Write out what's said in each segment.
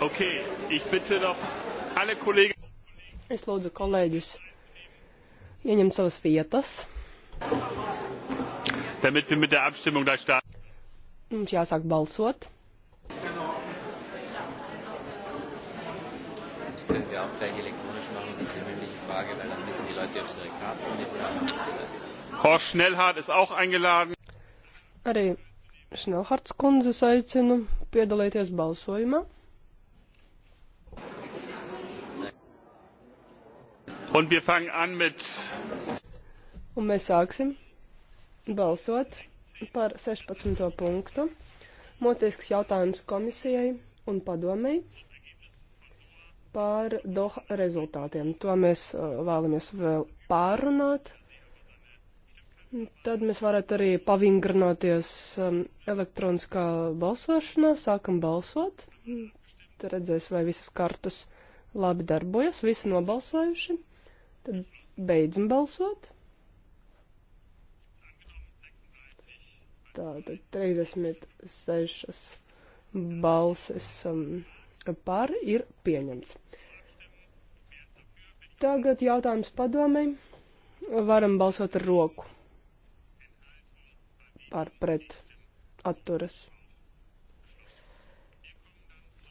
Okay, ich bitte doch alle Kollegen. Es lūdzu kolēģus ieņemt savas vietas. Damit wir mit der Abstimmung gleich starten. Mums jāsāk balsot. können wir auch gleich elektronisch machen, diese mündliche Frage, weil dann wissen die Leute, ob sie ihre Karten mit haben. Horst Schnellhardt ist auch eingeladen. Arī Schnellhardts kundze aicinu piedalīties balsojumā. Un, mit... Un mēs sāksim balsot par 16. punktu. Motisks jautājums komisijai un padomēji par Doha rezultātiem. To mēs uh, vēlamies vēl pārunāt. Tad mēs varētu arī pavingrināties um, elektroniskā balsošanā. Sākam balsot. Tad redzēs, vai visas kartas labi darbojas. Visi nobalsojuši. Tad beidzam balsot. Tātad 36 balses um, par ir pieņemts. Tagad jautājums padomei. Varam balsot ar roku. Par pret atturas.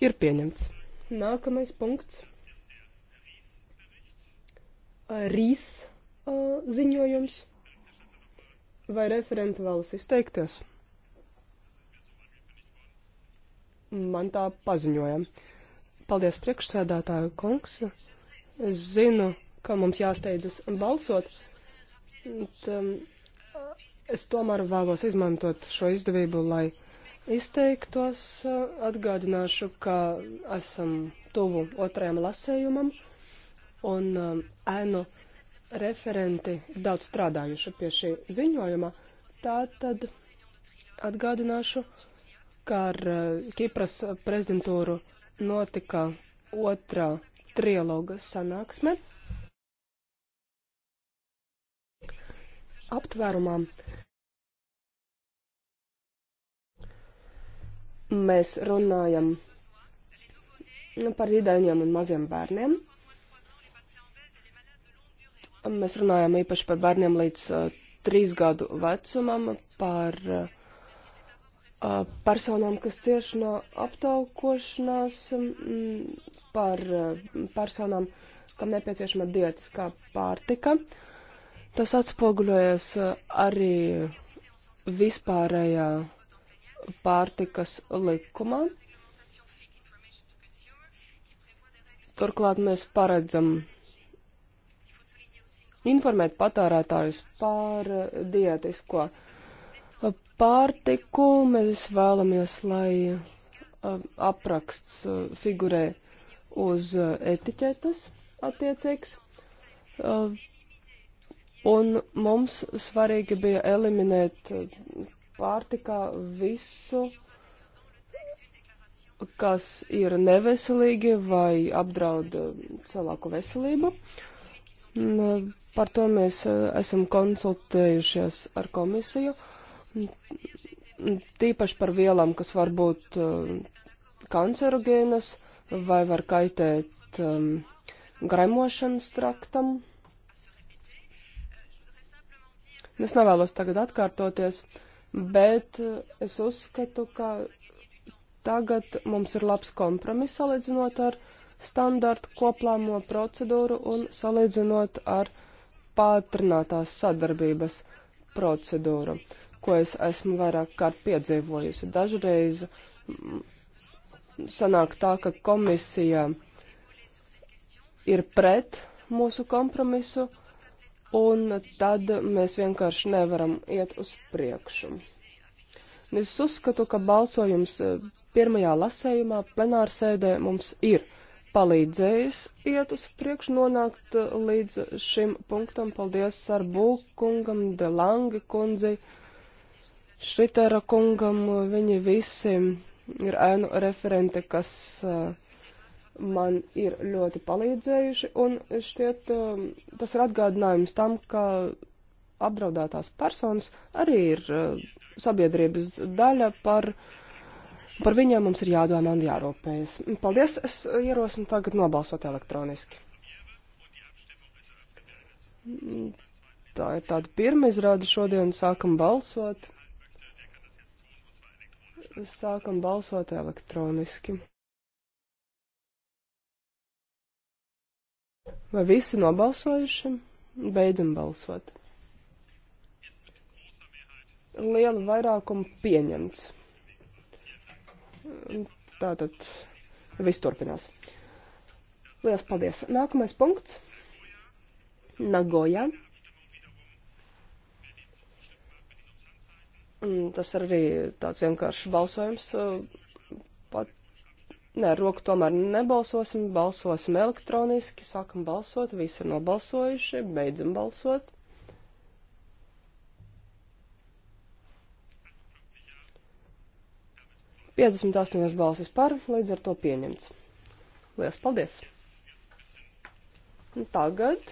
Ir pieņemts. Nākamais punkts rīs ziņojums. Vai referenti vēlas izteikties? Man tā paziņoja. Paldies priekšsēdētāju kungs. Es zinu, ka mums jāsteidzas balsot. Bet, um, es tomēr vēlos izmantot šo izdevību, lai izteiktos. Atgādināšu, ka esam tuvu otrajam lasējumam. Uh, un um, ēnu referenti daudz strādājuši pie šī ziņojuma. Tātad atgādināšu, ka ar uh, Kipras prezidentūru notika otrā trialoga sanāksme. Aptvērumā mēs runājam par zīdaiņiem un maziem bērniem. Mēs runājam īpaši par bērniem līdz uh, trīs gadu vecumam, par uh, personām, kas cieš no aptaukošanās, mm, par uh, personām, kam nepieciešama dietiskā pārtika. Tas atspoguļojas arī vispārējā pārtikas likumā. Turklāt mēs paredzam informēt patērētājus par diētisko pārtiku. Mēs vēlamies, lai apraksts figurē uz etiķetes attiecīgs. Un mums svarīgi bija eliminēt pārtikā visu, kas ir neveselīgi vai apdraud cilvēku veselību. Uh, Eh, par to mēs eh, esam konsultējušies ar komisiju, tīpaši par vielām, kas var būt eh, kancerogēnas vai var kaitēt um, gremošanas traktam. Es nevēlos tagad atkārtoties, bet es uzskatu, ka tagad mums ir labs kompromiss salīdzinot ar uh, standartu koplāmo procedūru un salīdzinot ar pātrinātās sadarbības procedūru, ko es esmu vairāk kārt piedzīvojusi. Dažreiz sanāk tā, ka komisija ir pret mūsu kompromisu, un tad mēs vienkārši nevaram iet uz priekšu. Es uzskatu, ka balsojums eh, pirmajā lasējumā plenārsēdē mums ir palīdzējis iet uz priekšu nonākt uh, līdz šim punktam. Paldies Sarbu kungam, De Langi kundzi, Šritera kungam. Viņi visi ir ēnu referenti, kas uh, man ir ļoti palīdzējuši. Un šķiet, uh, tas ir atgādinājums tam, ka apdraudētās personas arī ir sabiedrības daļa par uh, Par viņiem mums ir jādomā un jārūpējas. Paldies, es ierosinu tagad nobalsot elektroniski. Tā ir tāda pirma izrāde šodien, sākam balsot. Sākam balsot elektroniski. Vai visi nobalsojuši? Beidzam balsot. Liela vairākuma pieņemts. Tātad viss turpinās. Lielas paldies. Nākamais punkts. Nagoja. Tas ir arī tāds vienkāršs balsojums. Eh, pat, nē, roku tomēr nebalsosim, balsosim elektroniski, sākam balsot, visi ir nobalsojuši, beidzam balsot. 58 balsis par, līdz ar to pieņemts. Lielas paldies! Tagad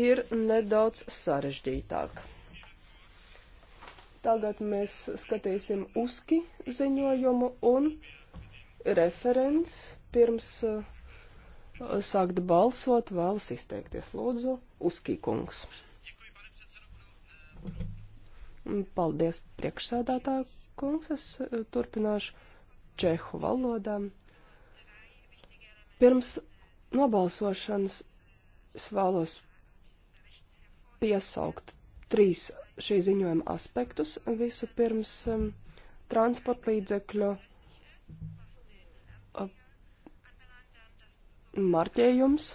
ir nedaudz sarežģītāk. Tagad mēs skatīsim uzki ziņojumu un referents pirms uh, sākt balsot, vēlas izteikties. Lūdzu, uzkīkungs. Paldies, priekšsēdētāji kungs, es eh, turpināšu čehu valodā. Pirms nobalsošanas es vēlos piesaukt trīs šī ziņojuma aspektus. Visu pirms um, eh, transportlīdzekļu uh, eh, marķējums.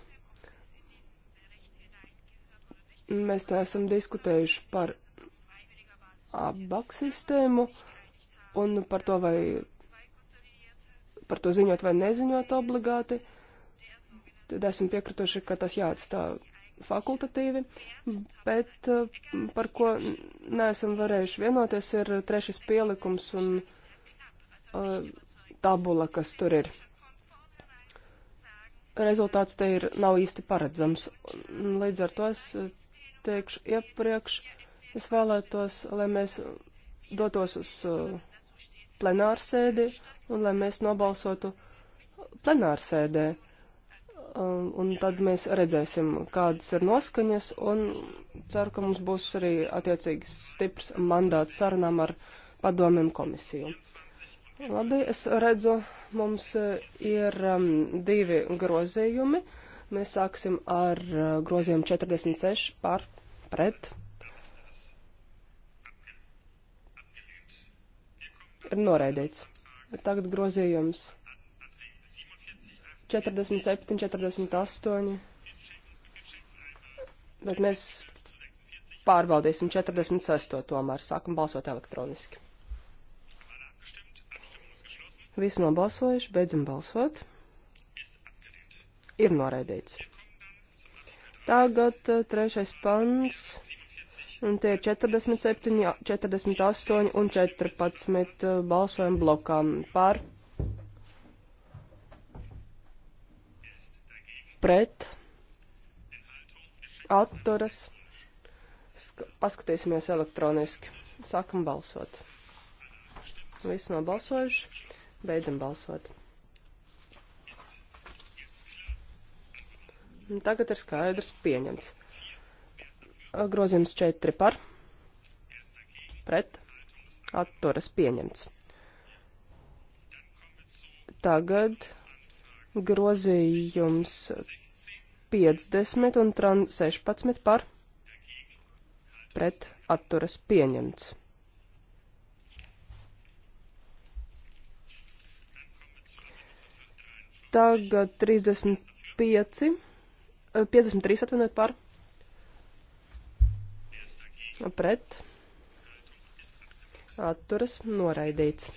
Mēs neesam diskutējuši par abak sistēmu. Uh, un par to vai par to ziņot vai neziņot obligāti, tad esam piekrituši, ka tas jāatstāv fakultatīvi, bet eh, par ko neesam varējuši vienoties, ir trešais pielikums un uh, tabula, kas tur ir. Rezultāts te ir nav īsti paredzams. Līdz ar to es eh, teikšu iepriekš, es vēlētos, lai mēs dotos uz uh, plenārsēdi un lai mēs nobalsotu plenārsēdē. Um, un tad mēs redzēsim, kādas ir noskaņas, un ceru, ka mums būs arī attiecīgs stiprs mandāts sarunām ar padomiem komisiju. Labi, es redzu, mums ir um, divi grozījumi. Mēs sāksim ar uh, grozījumu 46 par pret ir noraidīts. Tagad grozījums 47, 48, bet mēs pārbaudīsim 46. tomēr, sākam balsot elektroniski. Visi nobalsojuši, beidzam balsot. Ir noraidīts. Tagad eh, trešais pants. Un tie ir 47, 48 un 14 eh, balsojumu blokām par, pret, atturas. Paskatīsimies elektroniski. Sākam balsot. Visi nobalsojuši. Beidzam balsot. Un tagad ir skaidrs pieņemts. Grozījums 4 par. Pret. Atturas pieņemts. Tagad grozījums 50 un tran 16 par. Pret. Atturas pieņemts. Tagad 35, 53 atvainojiet par pret atturas noraidīts.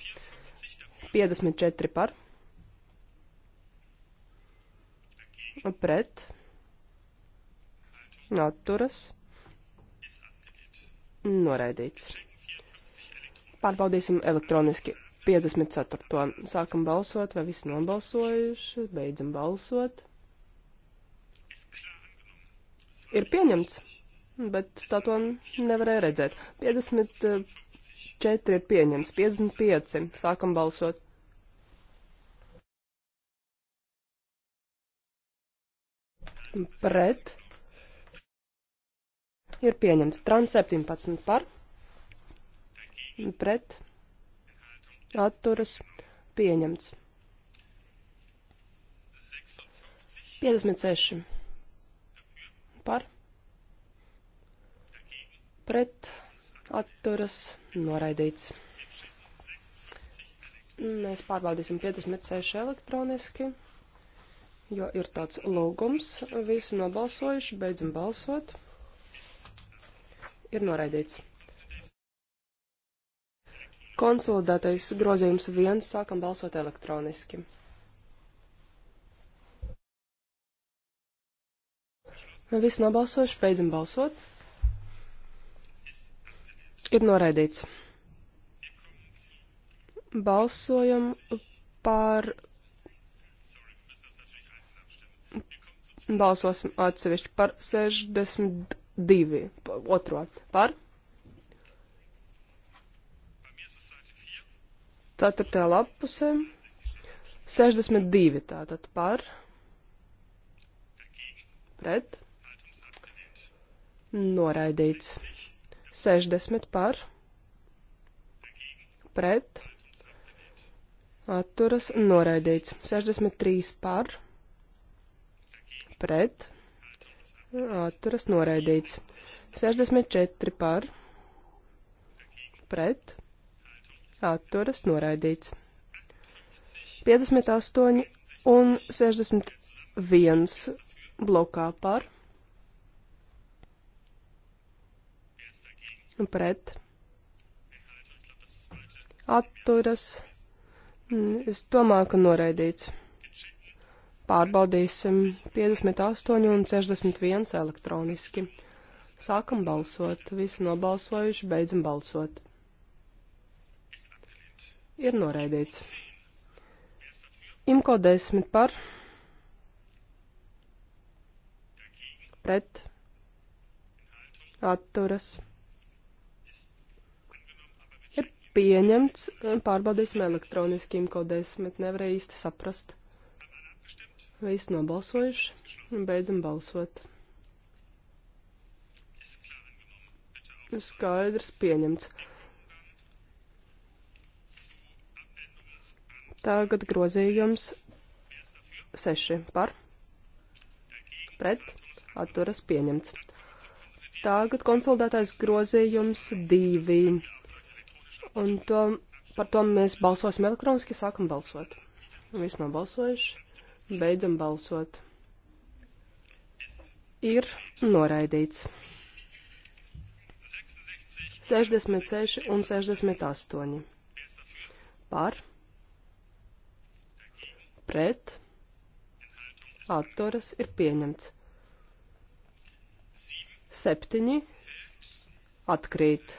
54 par pret atturas noraidīts. Pārbaudīsim elektroniski 54. Sākam balsot, vai visi nobalsojuši, beidzam balsot. Ir pieņemts bet tā to nevarēja redzēt. 54 eh, ir pieņems, 55 sākam balsot. Pret ir pieņems trans 17 par, pret atturas pieņemts. 56 par pret atturas noraidīts. Mēs pārbaudīsim 56 elektroniski, jo ir tāds lūgums. Visi nobalsojuši, beidzam balsot. Ir noraidīts. Konsolidētais grozījums viens, sākam balsot elektroniski. Visi nobalsojuši, beidzam balsot. Ir noraidīts. Balsojam par. Balsosim atsevišķi par 62. Otro. Par. Ceturtajā lapusē. 62. Tātad par. Pret. Noraidīts. 60 par, pret, atturas noraidīts. 63 par, pret, atturas noraidīts. 64 par, pret, atturas noraidīts. 58 un 61 blokā par, pret pret atturas. Mm, es domāju, ka noraidīts. Pārbaudīsim 58 un 61 elektroniski. Sākam balsot, visi nobalsojuši, beidzam balsot. Ir noraidīts. Imko 10 par pret atturas pieņemts. Pārbaudīsim elektroniski imko 10, nevarēja īsti saprast. Visi nobalsojuši. Beidzam balsot. Skaidrs pieņemts. Tagad grozījums 6 par, pret, atturas pieņemts. Tagad konsolidētais grozījums 2 Un to, par to mēs balsosim elektroniski, sākam balsot. Viss nav balsojuši, beidzam balsot. Ir noraidīts. 66 un 68. Par. Pret. Atturas ir pieņemts. 7. Atkrīt.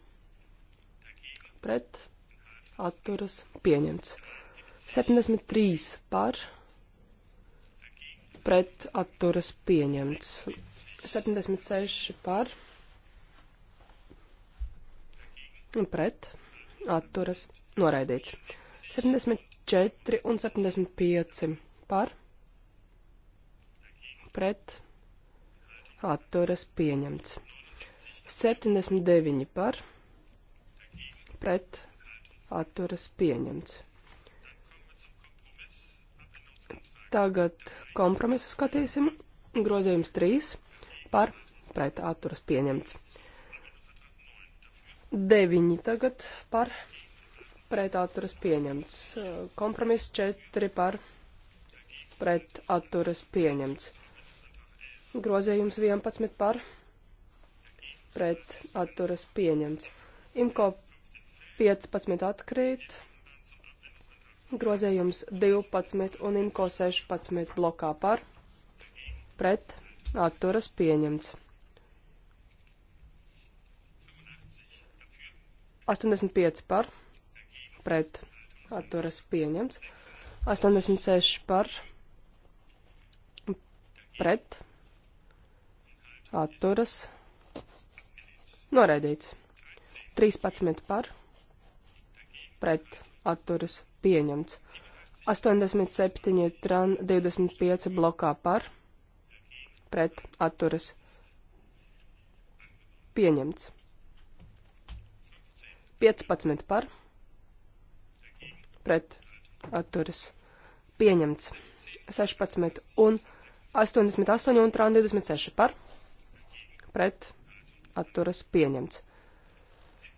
pret, atturas, pieņemts. 73 par, pret, atturas, pieņemts. 76 par, pret, atturas, noraidīts. 74 un 75 par, pret, atturas, pieņemts. 79 par, pret atturas pieņemts. Tagad kompromisu skatīsim. Grozījums 3 par pret atturas pieņemts. 9 tagad par pret atturas pieņemts. Kompromiss 4 par pret atturas pieņemts. Grozījums 11 par pret atturas pieņemts. Imko 15 atkrīt, grozījums 12 un imko 16 blokā par, pret, atturas pieņemts. 85 par, pret, atturas pieņemts. 86 par, pret, atturas, noraidīts. 13 par, pret atturas pieņemts. 87 tran 25 blokā par pret atturas pieņemts. 15 par pret atturas pieņemts. 16 un 88 un tran 26 par pret atturas pieņemts.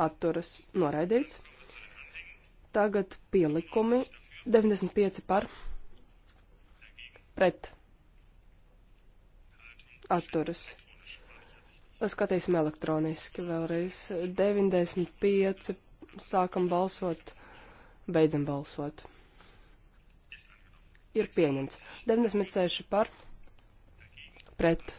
atturas noraidīts. Tagad pielikumi 95 par pret atturas. Skatīsim elektroniski vēlreiz. 95 sākam balsot, beidzam balsot. Ir pieņemts. 96 par pret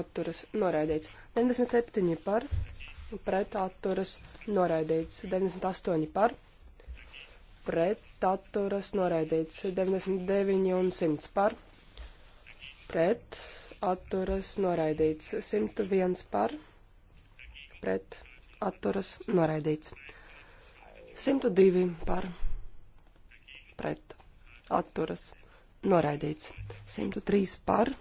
atturas noraidīts. 97 par pret pret atturas noraidīts 98 par, pret atturas noraidīts 99 un 100 par, pret atturas noraidīts 101 par, pret atturas noraidīts 102 par, pret atturas noraidīts 103 par.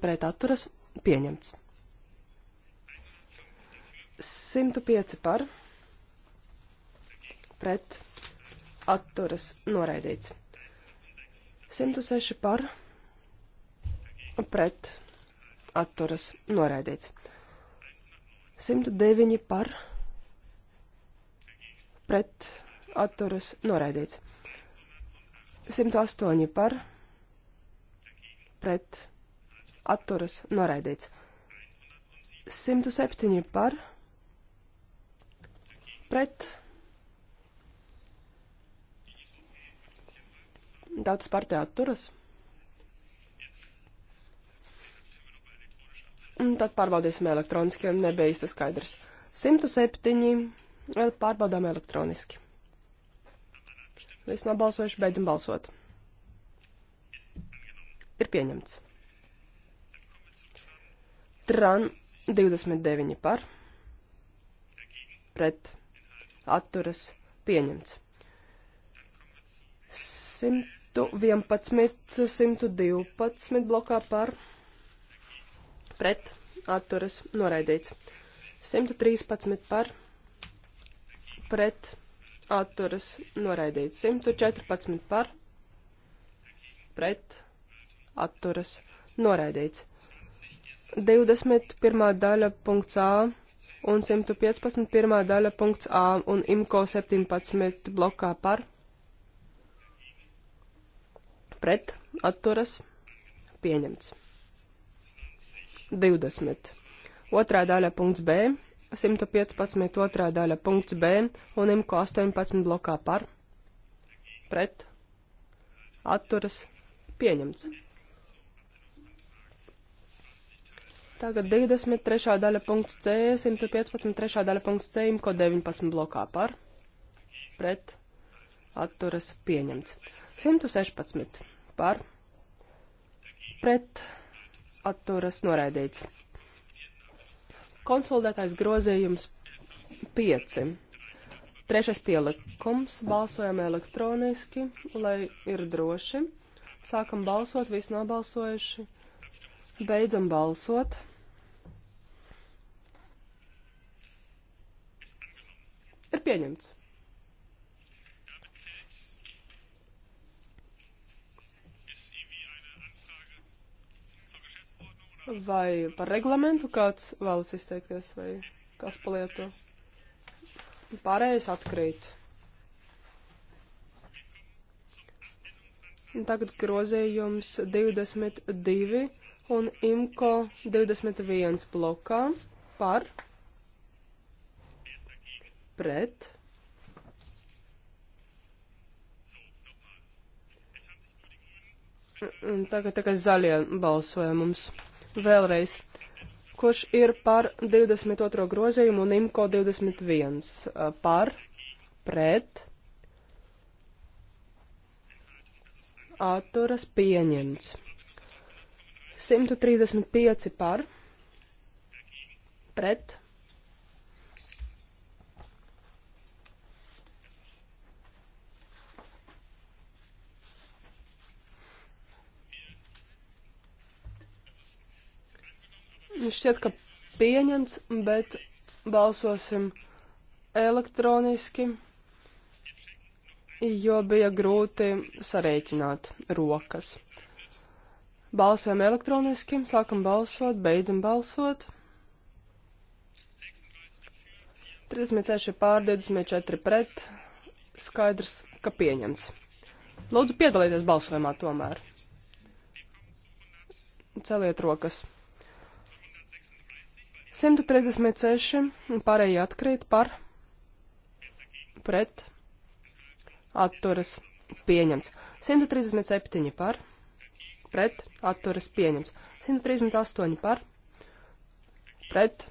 pret atturas pieņemts. 105 par pret atturas noraidīts. 106 par pret atturas noraidīts. 109 par pret atturas noraidīts. 108 par pret atturas noraidīts atturas noraidīts. 107 par pret Tautas partija atturas. Un tad pārbaudīsim elektroniski, nebija īsti skaidrs. 107 vēl eh, pārbaudām elektroniski. Viss nobalsojuši, beidzam balsot. Ir pieņemts. Tran 29 par, pret, atturas, pieņemts. 111, 112 blokā par, pret, atturas, noraidīts. 113 par, pret, atturas, noraidīts. 114 par, pret, atturas, noraidīts. 21. daļa punkts A un 115. pirmā daļa punkts A un IMCO 17 blokā par. Pret atturas pieņemts. 20. Otrā daļa punkts B 115. otrā daļa punkts B un MK 18 blokā par, pret, atturas, pieņemts. Tagad 23. daļa punkts C, 115. trešā daļa punkts C, imko 19 blokā par, pret, atturas pieņemts. 116 par, pret, atturas noraidīts. Konsolidētais grozījums 5. Trešais pielikums. Balsojam elektroniski, lai ir droši. Sākam balsot, visi nobalsojuši. Beidzam balsot. ir pieņemts. Vai par reglamentu kāds vēlas izteikties, vai kas palieto? Pārējais atkrīt. Tagad grozījums 22 un IMCO 21 blokā par pret. Tagad tikai zaļie balsoja mums. Vēlreiz. Kurš ir par 22. grozījumu un IMCO 21? Par, pret, atturas pieņemts. 135 par, pret, Šķiet, ka pieņemts, bet balsosim elektroniski, jo bija grūti sarēķināt rokas. Balsojam elektroniski, sākam balsot, beidzam balsot. 36 pār 24 pret, skaidrs, ka pieņemts. Lūdzu piedalieties balsojumā tomēr. Celiet rokas. 136 un pārējie atkrīt par pret atturas pieņemts. 137 par pret atturas pieņemts. 138 par pret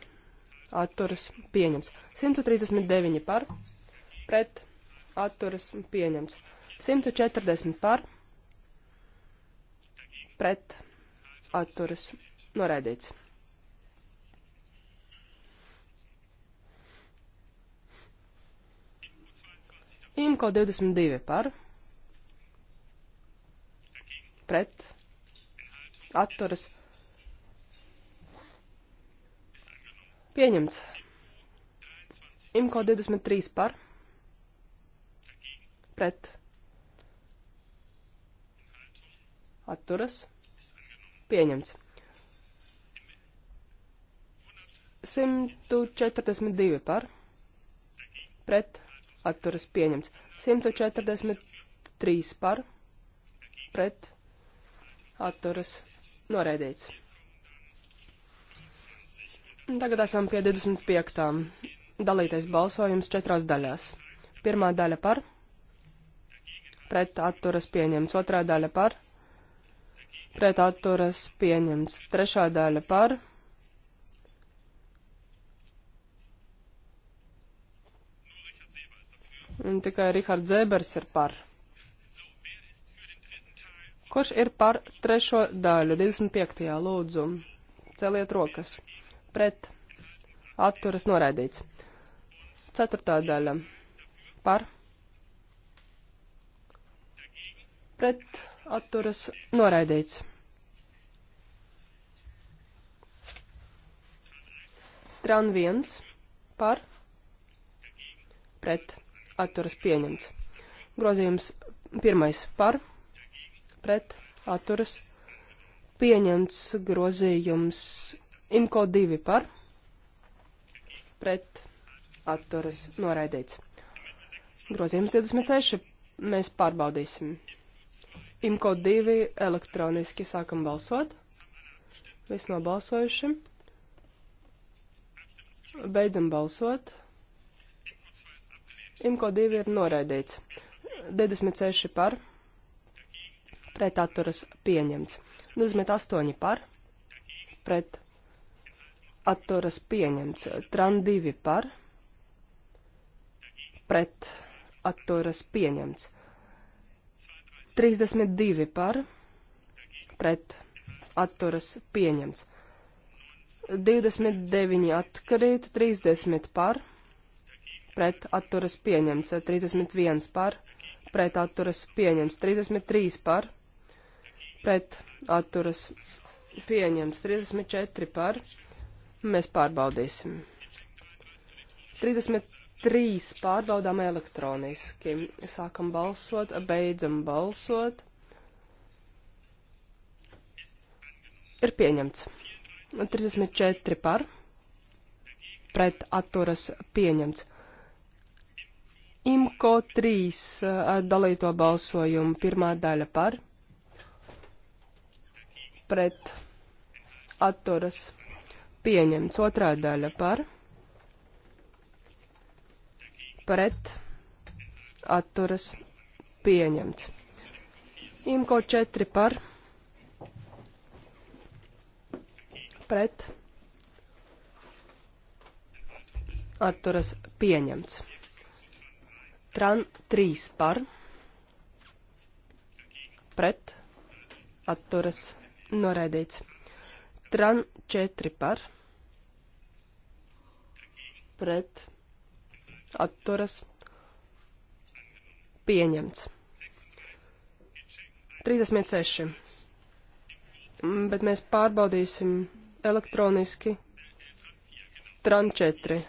atturas pieņemts. 139 par pret atturas pieņemts. 140 par pret atturas noraidīts. Imko 22 par. Pret. Atturas. Pieņemts. Imko 23 par. Pret. Atturas. Pieņemts. 142 par. Pret atturas pieņemts. 143 par pret atturas noraidīts. Tagad esam pie 25. Dalītais balsojums četrās daļās. Pirmā daļa par, pret atturas pieņemts, otrā daļa par, pret atturas pieņemts, trešā daļa par, Un tikai Rihards Zēbers ir par. Kurš ir par trešo daļu? 25. lūdzu. Celiet rokas. Pret. Atturas noraidīts. Ceturtā daļa. Par. Pret. Atturas noraidīts. Tran 1 par pret atturas pieņemts. Grozījums pirmais par, pret, atturas pieņemts. Grozījums imko divi par, pret, atturas noraidīts. Grozījums 26. Mēs pārbaudīsim. Imko 2 elektroniski sākam balsot. Viss nobalsojuši. Beidzam balsot. Imko 2 ir noraidīts. 26 par, pret atturas pieņemts. 28 par, pret atturas pieņemts. Tran 2 par, pret atturas pieņemts. 32 par, pret atturas pieņemts. 29 atkarīt, 30 par, pret pret atturas pieņemts, 31 par, pret atturas pieņemts, 33 par, pret atturas pieņemts, 34 par, mēs pārbaudīsim. 33 pārbaudām elektroniski, sākam balsot, beidzam balsot. Ir pieņemts. 34 par, pret atturas pieņemts. Imko 3 ar eh, dalīto balsojumu. Pirmā daļa par, pret, atturas, pieņemts. Otrā daļa par, pret, atturas, pieņemts. Imko 4 par, pret, atturas, pieņemts. Tran 3 par, pret, atturas, noraidīts. Tran 4 par, pret, atturas, pieņemts. 36. Mm, bet mēs pārbaudīsim elektroniski. Tran 4.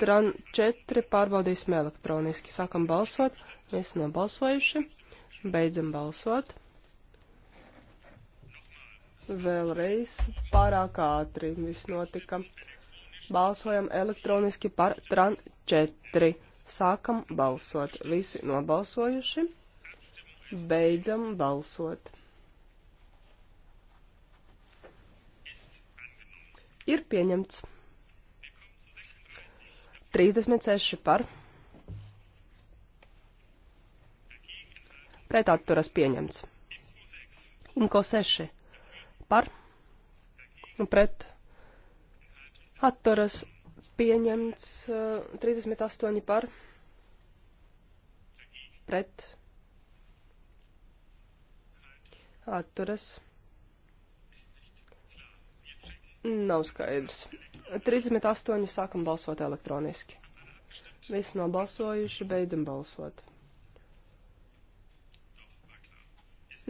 Tran 4 pārbaudīsim elektroniski. Sākam balsot. Visi nobalsojuši. Beidzam balsot. Vēlreiz pārāk ātri viss notika. Balsojam elektroniski par Tran 4. Sākam balsot. Visi nobalsojuši. Beidzam balsot. Ir pieņemts. 36 par. Pret atturas pieņemts. Imko 6 par. Un nu, pret atturas pieņemts 38 eh, par. Pret atturas. Nav skaidrs. 38 sākam balsot elektroniski. Visi nobalsojuši, beidzam balsot.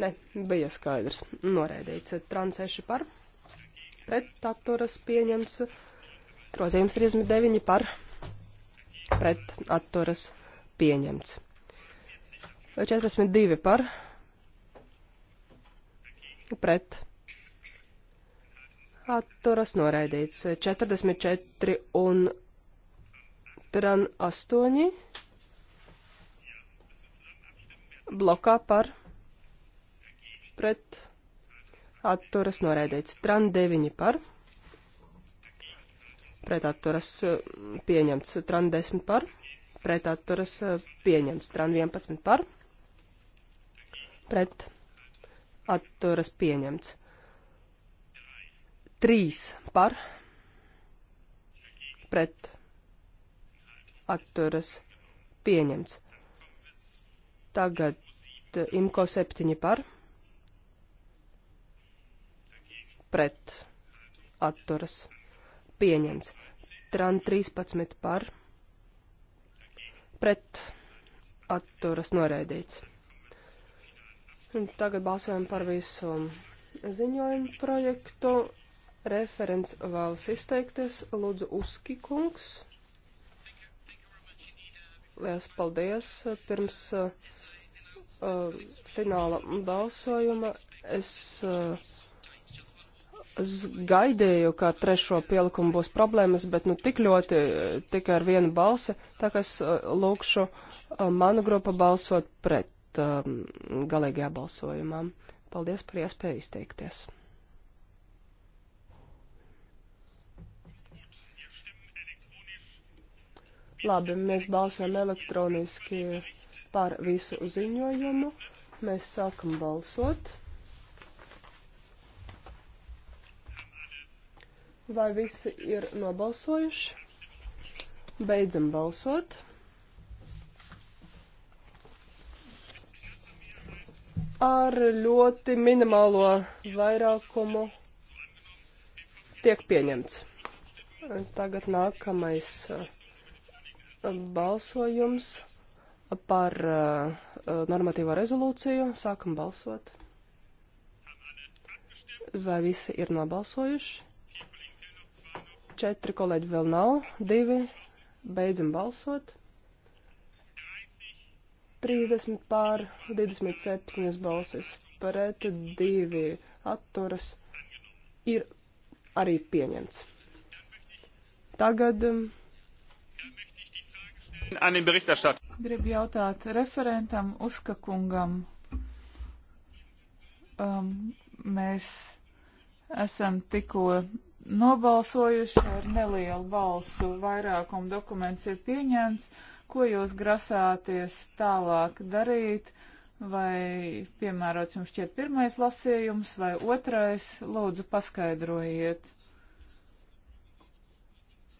Ne, bija skaidrs. Noreidīts. Transeši par. Pret atturas pieņemts. Grozījums 39 par. Pret atturas pieņemts. 42 par. Pret atturas noraidīts. 44 un tran 8 blokā par pret atturas noraidīts. Tran 9 eh, eh, par pret atturas pieņemts. Tran 10 par pret atturas pieņemts. Tran 11 par pret atturas pieņemts. 3 par pret atturas pieņemts. Tagad eh, imko 7 par pret atturas pieņemts. Tran 13 par pret atturas noraidīts. Un tagad balsojam par visu ziņojumu projektu. Referents vēlas izteikties. Lūdzu, Uski kungs. Lielas paldies. Pirms uh, fināla balsojuma es. Uh, Es gaidīju, ka trešo pielikumu būs problēmas, bet nu tik ļoti tikai ar vienu balsi, tā kā es uh, lūkšu uh, manu grupu balsot pret um, galīgajā balsojumā. Paldies par iespēju izteikties. Labi, mēs balsojam elektroniski par visu ziņojumu. Mēs sākam balsot. Vai visi ir nobalsojuši? Beidzam balsot. Ar ļoti minimālo vairākumu tiek pieņemts. Tagad nākamais. Uh, balsojums par uh, normatīvo rezolūciju. Sākam balsot. Vai visi ir nobalsojuši? Četri kolēģi vēl nav, divi. Beidzam balsot. 30 pār 27 balsis pret, divi atturas ir arī pieņemts. Tagad um, Gribu jautāt referentam Uskakungam. Um, mēs esam tikko nobalsojuši ar nelielu balsu vairākumu dokuments ir pieņemts. Ko jūs grasāties tālāk darīt? Vai piemērots jums šķiet pirmais lasījums vai otrais? Lūdzu, paskaidrojiet.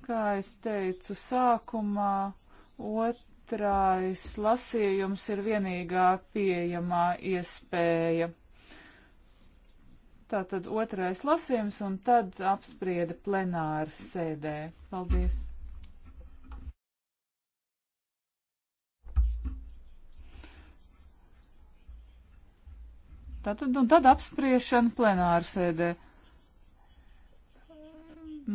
Kā es teicu sākumā, Otrais lasījums ir vienīgā pieejamā iespēja. Tātad otrais lasījums un tad apsprieda plenāra sēdē. Paldies! Tātad, un tad apspriešana plenāra sēdē.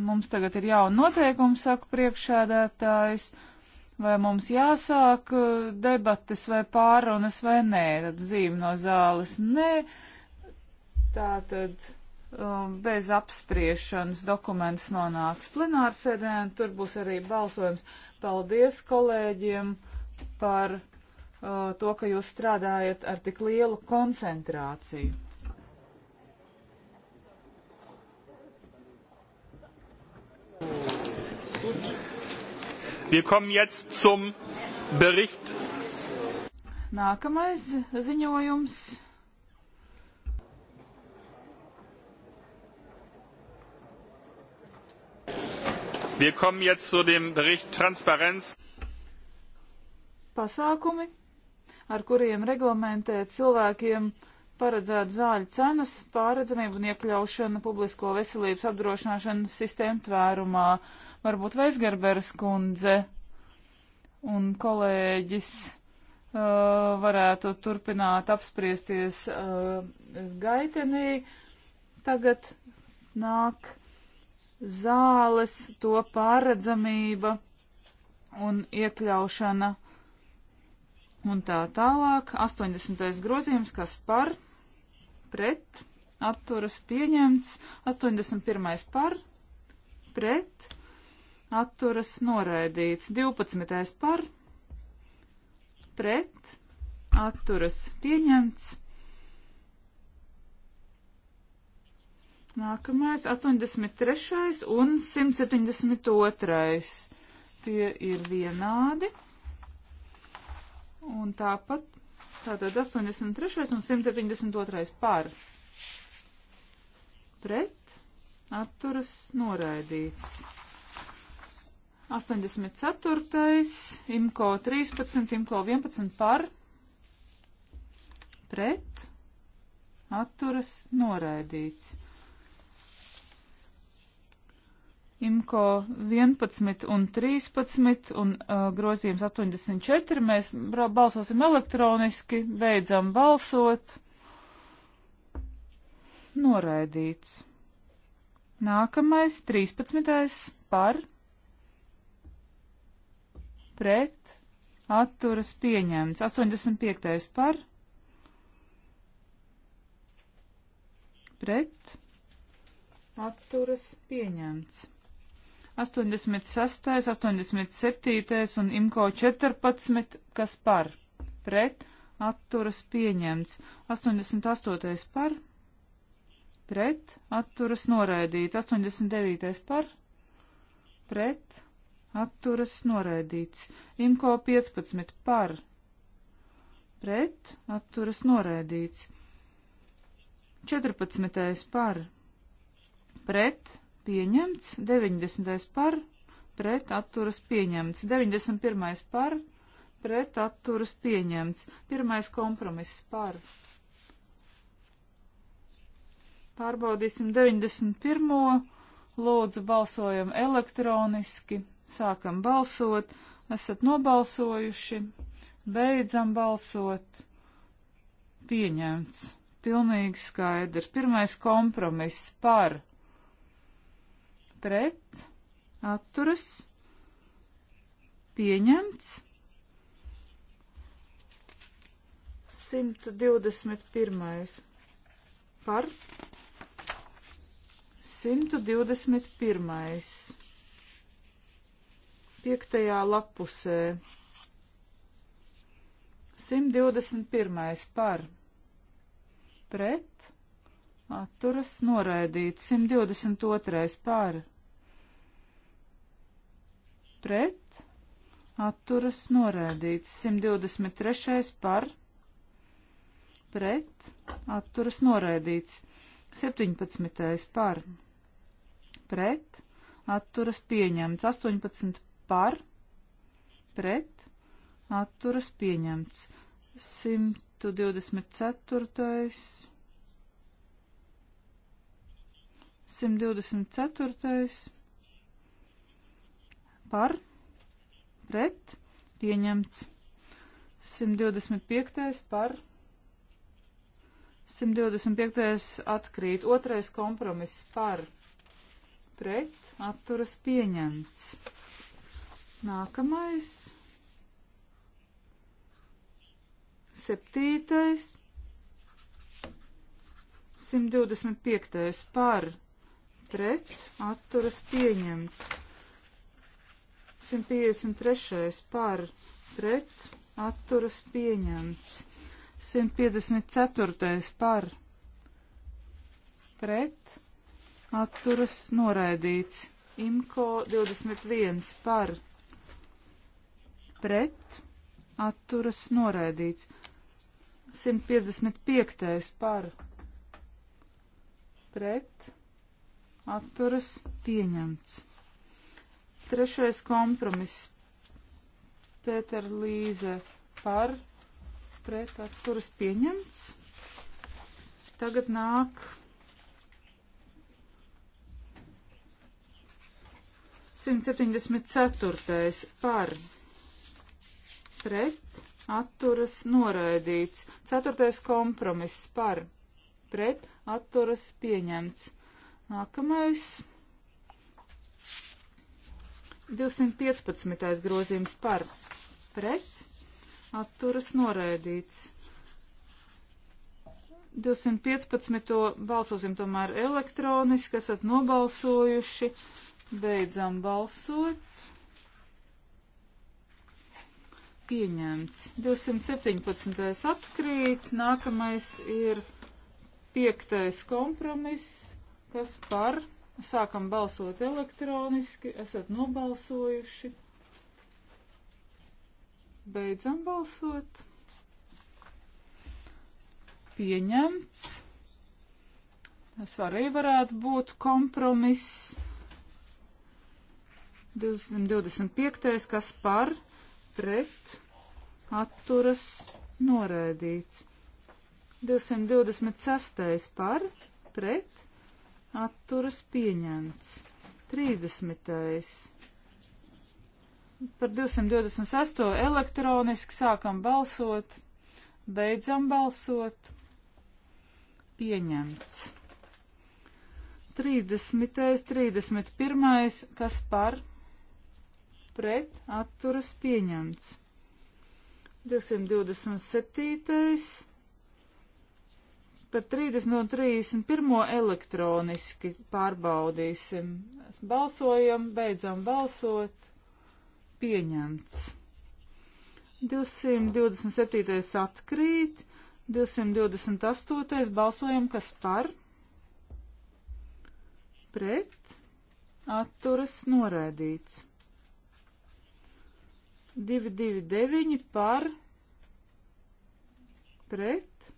Mums tagad ir jauna noteikuma, saka priekšēdētājs vai mums jāsāk uh, debates vai pārunas vai nē, tad zīme no zāles nē. Tā tad um, bez apspriešanas dokuments nonāks plenārsēdē, un tur būs arī balsojums. Paldies kolēģiem par uh, to, ka jūs strādājat ar tik lielu koncentrāciju. Ooh. Wir kommen jetzt zum Bericht. Nākamais ziņojums. Wir kommen jetzt zu dem Bericht Transparenz. Pasākumi, ar kuriem reglamentē cilvēkiem paredzētu zāļu cenas, pārredzamību un iekļaušanu publisko veselības apdrošināšanas sistēmu tvērumā. Varbūt Veisgerberas kundze un kolēģis uh, varētu turpināt apspriesties uh, gaitenī. Tagad nāk zāles, to pārredzamība un iekļaušana un tā tālāk. 80. grozījums, kas par, pret, atturas pieņemts. 81. par, pret, atturas noraidīts. 12. par, pret, atturas pieņemts. Nākamais 83. un 172. Tie ir vienādi. Un tāpat tātad 83. un 172. par pret atturas noraidīts. 84. imko 13, imko 11 par pret atturas noraidīts. IMCO 11 un 13 un uh, grozījums 84. Mēs balsosim elektroniski, beidzam balsot. Noraidīts. Nākamais 13. par pret atturas pieņemts. 85. par pret atturas pieņemts. 86, 87 un IMCO 14, kas par, pret, atturas pieņemts. 88 par, pret, atturas noraidīts. 89 par, pret, atturas noraidīts. IMCO 15 par, pret, atturas noraidīts. 14 par, pret, pieņemts, 90. par, pret atturas pieņemts, 91. par, pret atturas pieņemts, pirmais kompromiss par. Pārbaudīsim 91. Lūdzu, balsojam elektroniski, sākam balsot, esat nobalsojuši, beidzam balsot. Pieņemts. Pilnīgi skaidrs. Pirmais kompromiss par pret, atturas, pieņemts. 121. par 121. Piektajā lapusē. 121. par pret atturas noraidīt. 122. par pret pret, atturas norēdīts. 123. par, pret, atturas norēdīts. 17. par, pret, atturas pieņemts. 18. par, pret, atturas pieņemts. 124. 124 par pret pieņemts. 125. par 125. atkrīt. Otrais kompromiss par pret atturas pieņemts. Nākamais. Septītais. 125. par pret atturas pieņemts. 153. par pret atturas pieņemts. 154. par pret atturas noraidīts. Imko 21 par pret atturas noraidīts. 155. par pret atturas pieņemts. Trešais kompromiss. Pēter Līze par pret atturas pieņemts. Tagad nāk simt septiņdesmit ceturtais par pret atturas noraidīts. Ceturtais kompromiss par pret atturas pieņemts. Nākamais. 215. grozījums par pret atturas noraidīts. 215. balsosim tomēr elektroniski, esat nobalsojuši, beidzam balsot. Pieņemts. 217. atkrīt, nākamais ir piektais kompromiss, kas par pret Sākam balsot elektroniski. Esat nobalsojuši. Beidzam balsot. Pieņemts. Tas arī varētu būt kompromiss. 25. kas par, pret, atturas, noraidīts. 226. par, pret, atturas pieņemts. 30. Par 228 elektroniski sākam balsot, beidzam balsot, pieņemts. 30. 31. kas par pret atturas pieņemts. 227. Par 30 un 31 elektroniski pārbaudīsim. Balsojam, beidzam balsot. Pieņemts. 227. atkrīt, 228. balsojam, kas par, pret, atturas noraidīts. 229 par, pret,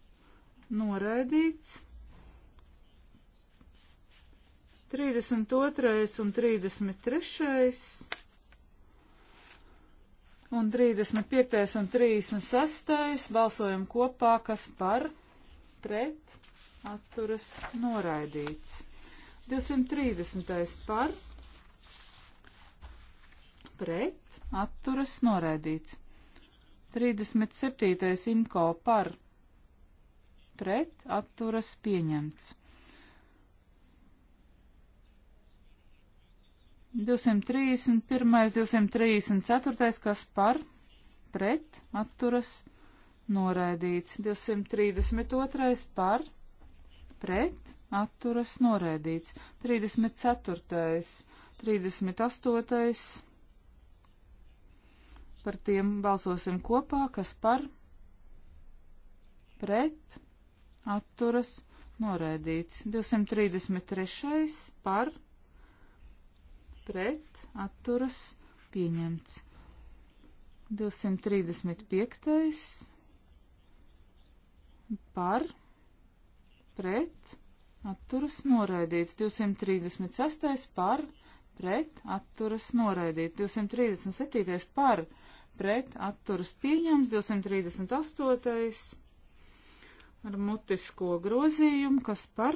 noraidīts. 32. un 33. un 35. un 36. balsojam kopā, kas par pret atturas noraidīts. 230. par pret atturas noraidīts. 37. imko par pret pret atturas pieņemts. 231, 234, kas par pret atturas noraidīts. 232 par pret atturas noraidīts. 34, 38. Par tiem balsosim kopā, kas par pret atturas noraidīts. 233. par pret atturas pieņemts. 235. par pret atturas noraidīts. 236. par pret atturas noraidīts. 237. par pret atturas pieņemts. 238 ar mutisko grozījumu, kas par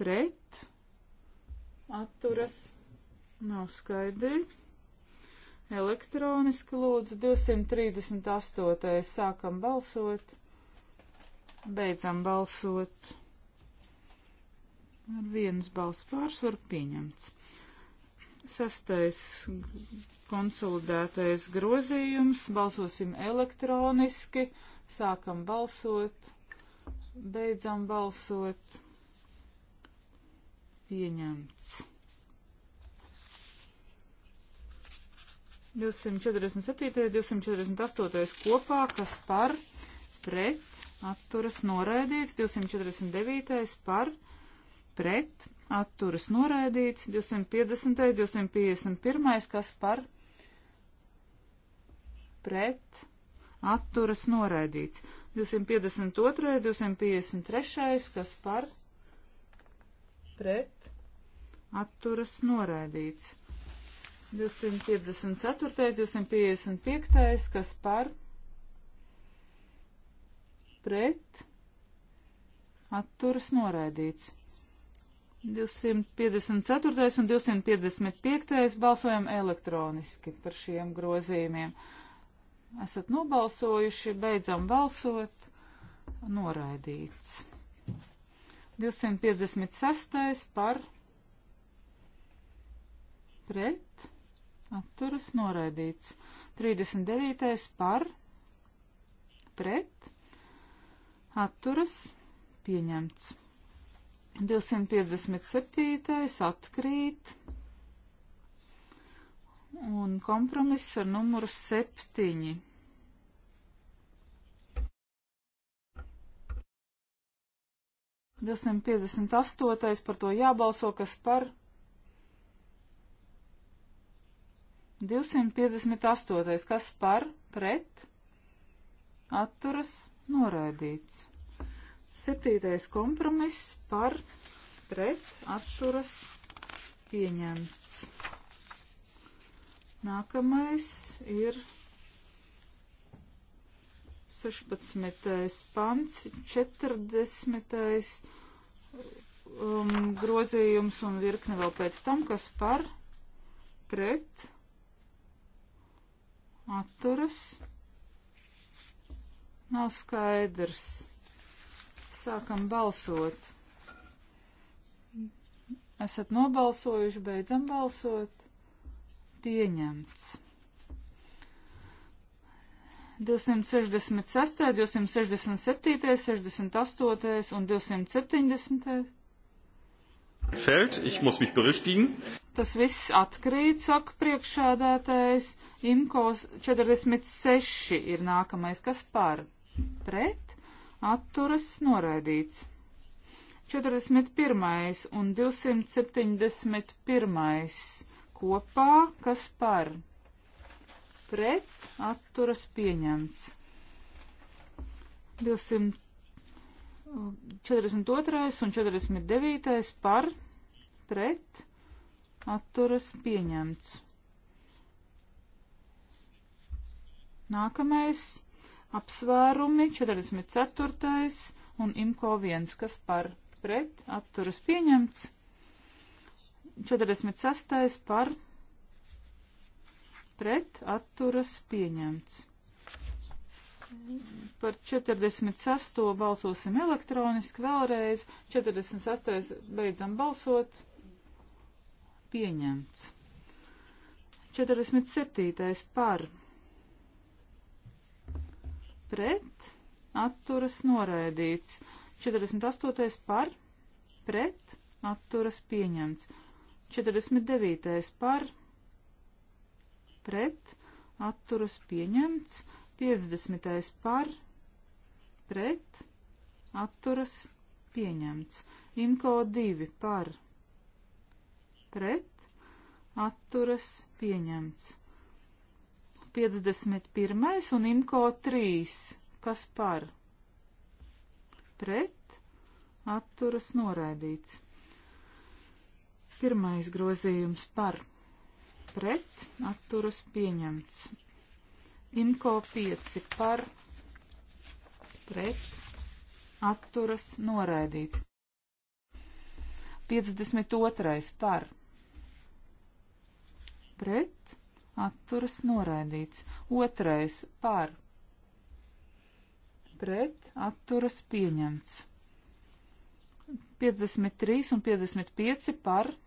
pret atturas nav skaidri. Elektroniski lūdzu 238. sākam balsot, beidzam balsot. Ar vienas balss pārsvaru pieņemts. Sastais konsolidētais grozījums. Balsosim elektroniski. Sākam balsot, beidzam balsot. Pieņemts. 247. 248. kopā, kas par pret atturas noraidīts, 249. par pret atturas noraidīts, 250. 251. kas par pret atturas noraidīts. 252, 253, kas par pret atturas noraidīts. 254, 255, kas par pret atturas noraidīts. 254 un 255 balsojam elektroniski par šiem grozījumiem. Esat nobalsojuši, beidzam balsot, noraidīts. 256. par pret, atturas noraidīts. 39. par pret, atturas pieņemts. 257. atkrīt. Un kompromiss ar numuru septiņi. Divsimt piecdesmit astotais par to jābalso, kas par 258. kas par, pret, atturas, noraidīts. 7. kompromiss par, pret, atturas, pieņemts. Nākamais ir 16. pants, 40. Um, grozījums un virkne vēl pēc tam, kas par, pret, atturas. Nav skaidrs. Sākam balsot. Esat nobalsojuši, beidzam balsot pieņemts. 266, 267, 68 un 270. Feld, ich muss mich berichtigen. Tas viss atkrīt, saka priekšādātais. Imkos 46 ir nākamais, kas par. Pret, atturas noraidīts. 41. un 271 kopā, kas par pret atturas pieņemts. 242 un 49 par pret atturas pieņemts. Nākamais apsvērumi 44. un imko 1, kas par pret atturas pieņemts. 46. par pret atturas pieņemts. Par 48. balsosim elektroniski vēlreiz, 48. beidzam balsot, pieņemts. 47. par pret atturas noraidīts. 48. par pret atturas pieņemts. 49. par pret atturas pieņemts. 50. par pret atturas pieņemts. Imko 2 par pret atturas pieņemts. 51. un Imko 3. Kas par? Pret atturas noraidīts. Pirmais grozījums par pret atturas pieņemts. Imko 5 par pret atturas noraidīts. 52 par pret atturas noraidīts. Otrais par pret atturas pieņemts. 53 un 55 par pret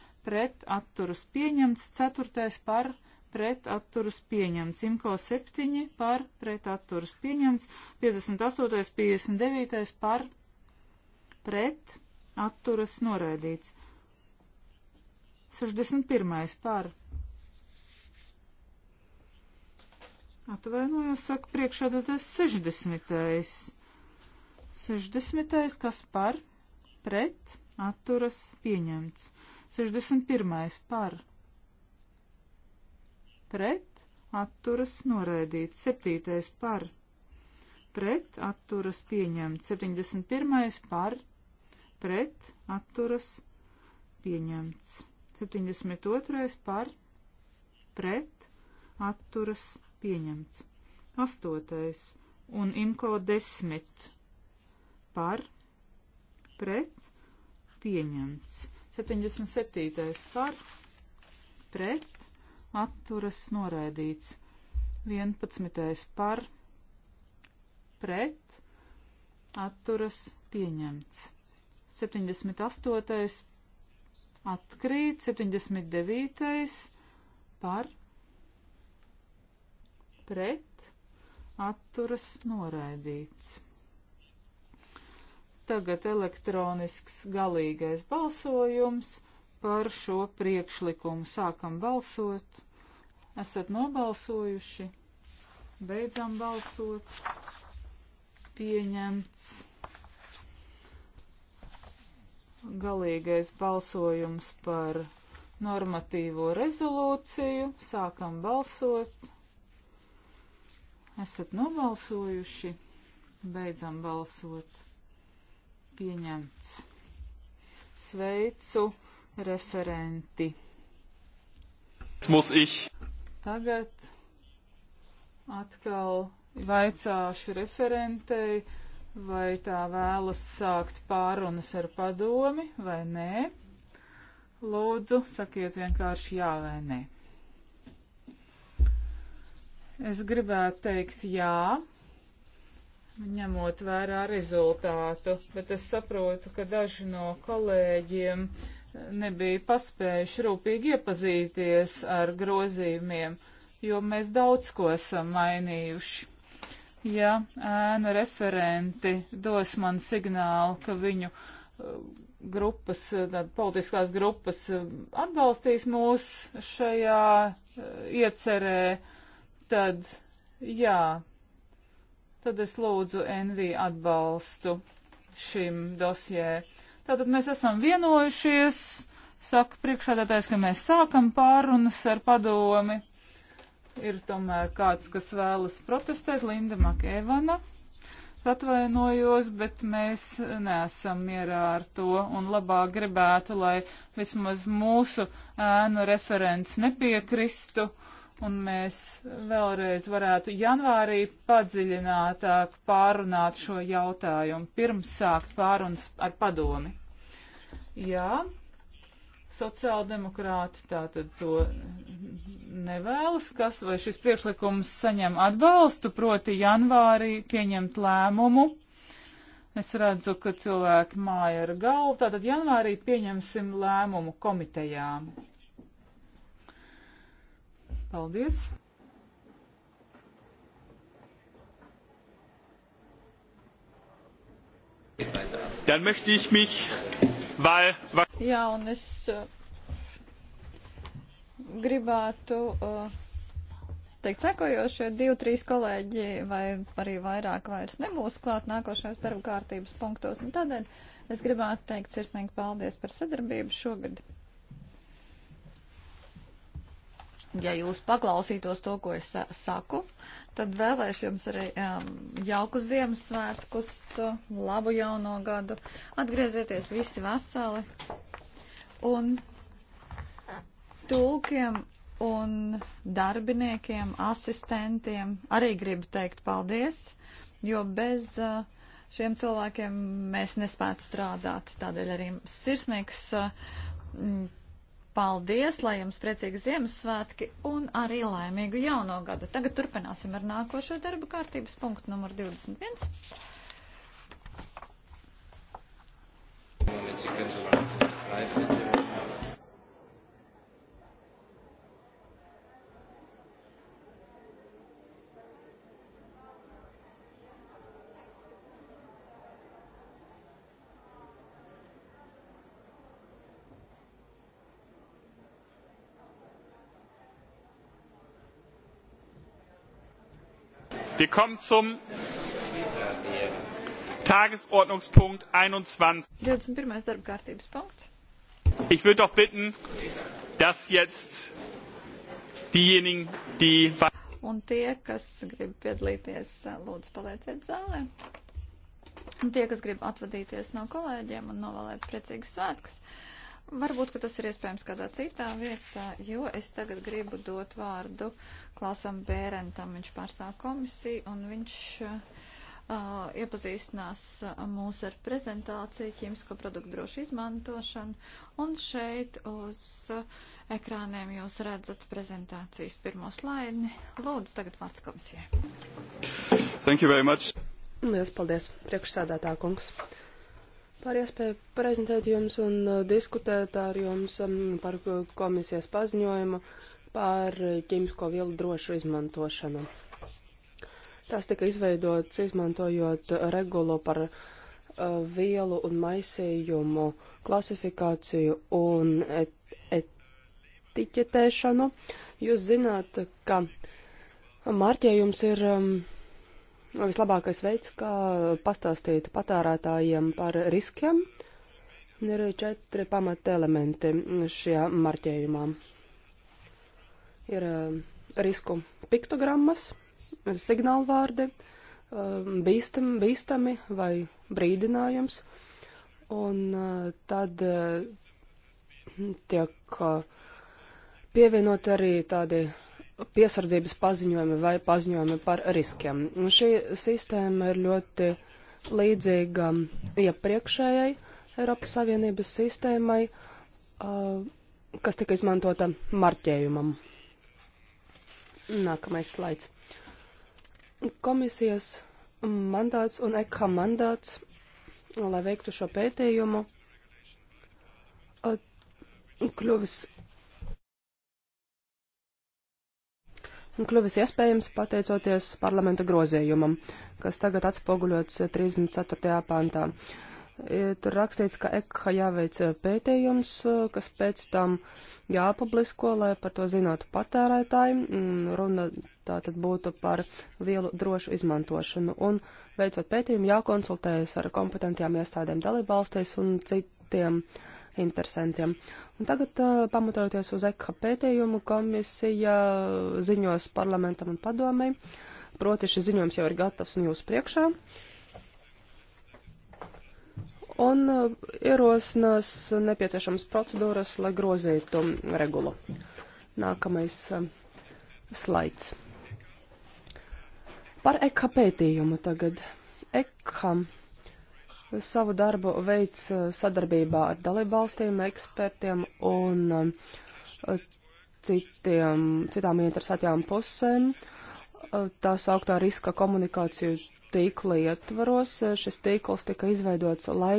pret atturus pieņemts, 4. par pret atturus pieņemts, Imko 7 par pret atturus pieņemts, 58. 59. par pret atturas noraidīts, 61. par Atvainojos, saka priekšādātais 60. 60. kas par pret atturas pieņemts. 61. par pret atturas noraidīts 7. par pret atturas pieņemts 71. par pret atturas pieņemts 72. par pret atturas pieņemts 8. un imko 10 par pret pieņemts 77. par pret atturas noraidīts. 11. par pret atturas pieņemts. 78. atkrīt, 79. par pret atturas noraidīts tagad elektronisks galīgais balsojums par šo priekšlikumu. Sākam balsot. Esat nobalsojuši. Beidzam balsot. Pieņemts. Galīgais balsojums par normatīvo rezolūciju. Sākam balsot. Esat nobalsojuši. Beidzam balsot Pieņemts. Sveicu referenti. Tagad atkal vaicāšu referentei, vai tā vēlas sākt pārunas ar padomi vai nē. Lūdzu, sakiet vienkārši jā vai nē. Es gribētu teikt jā, ņemot vērā rezultātu, bet es saprotu, ka daži no kolēģiem nebija paspējuši rūpīgi iepazīties ar grozījumiem, jo mēs daudz ko esam mainījuši. Ja ēnu referenti dos man signālu, ka viņu uh, grupas, uh, politiskās grupas uh, atbalstīs mūs šajā iecerē, tad jā, tad es lūdzu NV atbalstu šim dosjē. Tātad mēs esam vienojušies, saka priekšādātājs, ka mēs sākam pārunas ar padomi. Ir tomēr kāds, kas vēlas protestēt, Linda Makēvana. Atvainojos, bet mēs neesam mierā ar to un labāk gribētu, lai vismaz mūsu ēnu referents nepiekristu un mēs vēlreiz varētu janvārī padziļinātāk pārunāt šo jautājumu, pirms sākt pārunas ar padomi. Jā, sociāldemokrāti tātad to nevēlas, kas vai šis priekšlikums saņem atbalstu, proti janvārī pieņemt lēmumu. Es redzu, ka cilvēki māja ar galvu, tātad janvārī pieņemsim lēmumu komitejām. Paldies! Dann möchte ich mich, weil, weil Jā, un es uh, gribētu uh, teikt sekojošie divi, trīs kolēģi vai arī vairāk vairs nebūs klāt nākošais darba kārtības punktos. Un tādēļ es gribētu teikt sirsnīgi paldies par sadarbību šogad. ja jūs paklausītos to, ko es saku, tad vēlēšu jums arī um, jauku Ziemassvētkus, labu jauno gadu, atgriezieties visi veseli un tulkiem un darbiniekiem, asistentiem arī gribu teikt paldies, jo bez uh, šiem cilvēkiem mēs nespētu strādāt. Tādēļ arī sirsnīgs. Uh, Paldies, lai jums priecīgi Ziemassvētki un arī laimīgu jauno gadu. Tagad turpināsim ar nākošo darba kārtības punktu numur 21. Moment, Sie können so lange schreiben. Wir kommen zum Tagesordnungspunkt 21. 21. Darbkārtības punkts. Ich würde doch bitten, dass jetzt diejenigen, die. Un tie, kas grib piedalīties, lūdzu, palieciet zālē. Un tie, kas grib atvadīties no kolēģiem un novēlēt priecīgas svētkus, uh, Varbūt, ka tas ir iespējams kādā citā vietā, jo es tagad gribu dot vārdu Klausam Bērentam, viņš pārstāv komisiju, un viņš uh, iepazīstinās mūs ar prezentāciju ķīmisko produktu drošu izmantošanu, un šeit uz ekrāniem jūs redzat prezentācijas pirmo slaidni. Lūdzu, tagad vārds komisijai. Thank you very much. Lielas paldies, priekšsādātā kungs. Uh, par iespēju prezentēt jums un uh, diskutēt ar jums um, par uh, komisijas paziņojumu par ķīmisko vielu drošu izmantošanu. Tas tika izveidots izmantojot regulu par uh, vielu un maisījumu klasifikāciju un et etiķetēšanu. Jūs zināt, ka mārķējums ir um, vislabākais veids, kā pastāstīt patērētājiem par riskiem, ir četri pamata elementi šajā marķējumā. Ir eh, risku piktogrammas, ir signālvārdi, eh, bīstam, bīstami vai brīdinājums, un eh, tad tiek pievienot arī tādi piesardzības paziņojumi vai paziņojumi par riskiem. Un šī sistēma ir ļoti līdzīga iepriekšējai Eiropas Savienības sistēmai, kas tika izmantota marķējumam. Nākamais slaids. Komisijas mandāts un EKA mandāts, lai veiktu šo pētījumu, kļuvis un nu, kļuvis iespējams pateicoties parlamenta grozējumam, kas tagad atspoguļots 34. pantā. E, tur rakstīts, ka EKHA jāveic pētījums, e, kas pēc tam jāpublisko, lai par to zinātu patērētāji. Runa tā tad būtu par vielu drošu izmantošanu. Un veicot pētījumu jākonsultējas ar kompetentajām iestādēm dalībvalstīs un citiem interesantiem. Un tagad, pamatojoties uz EKA pētījumu, komisija ziņos parlamentam un padomei. Proti, šis ziņojums jau ir gatavs un jūsu priekšā. Un ierosinās nepieciešams procedūras, lai grozītu regulu. Nākamais slaids. Par EKA pētījumu tagad. EKA savu darbu veids e, sadarbībā ar dalībvalstīm, ekspertiem un e, citiem, citām interesētajām pusēm. E, tā sauktā riska komunikāciju tīkla ietvaros. Šis tīkls tika izveidots, lai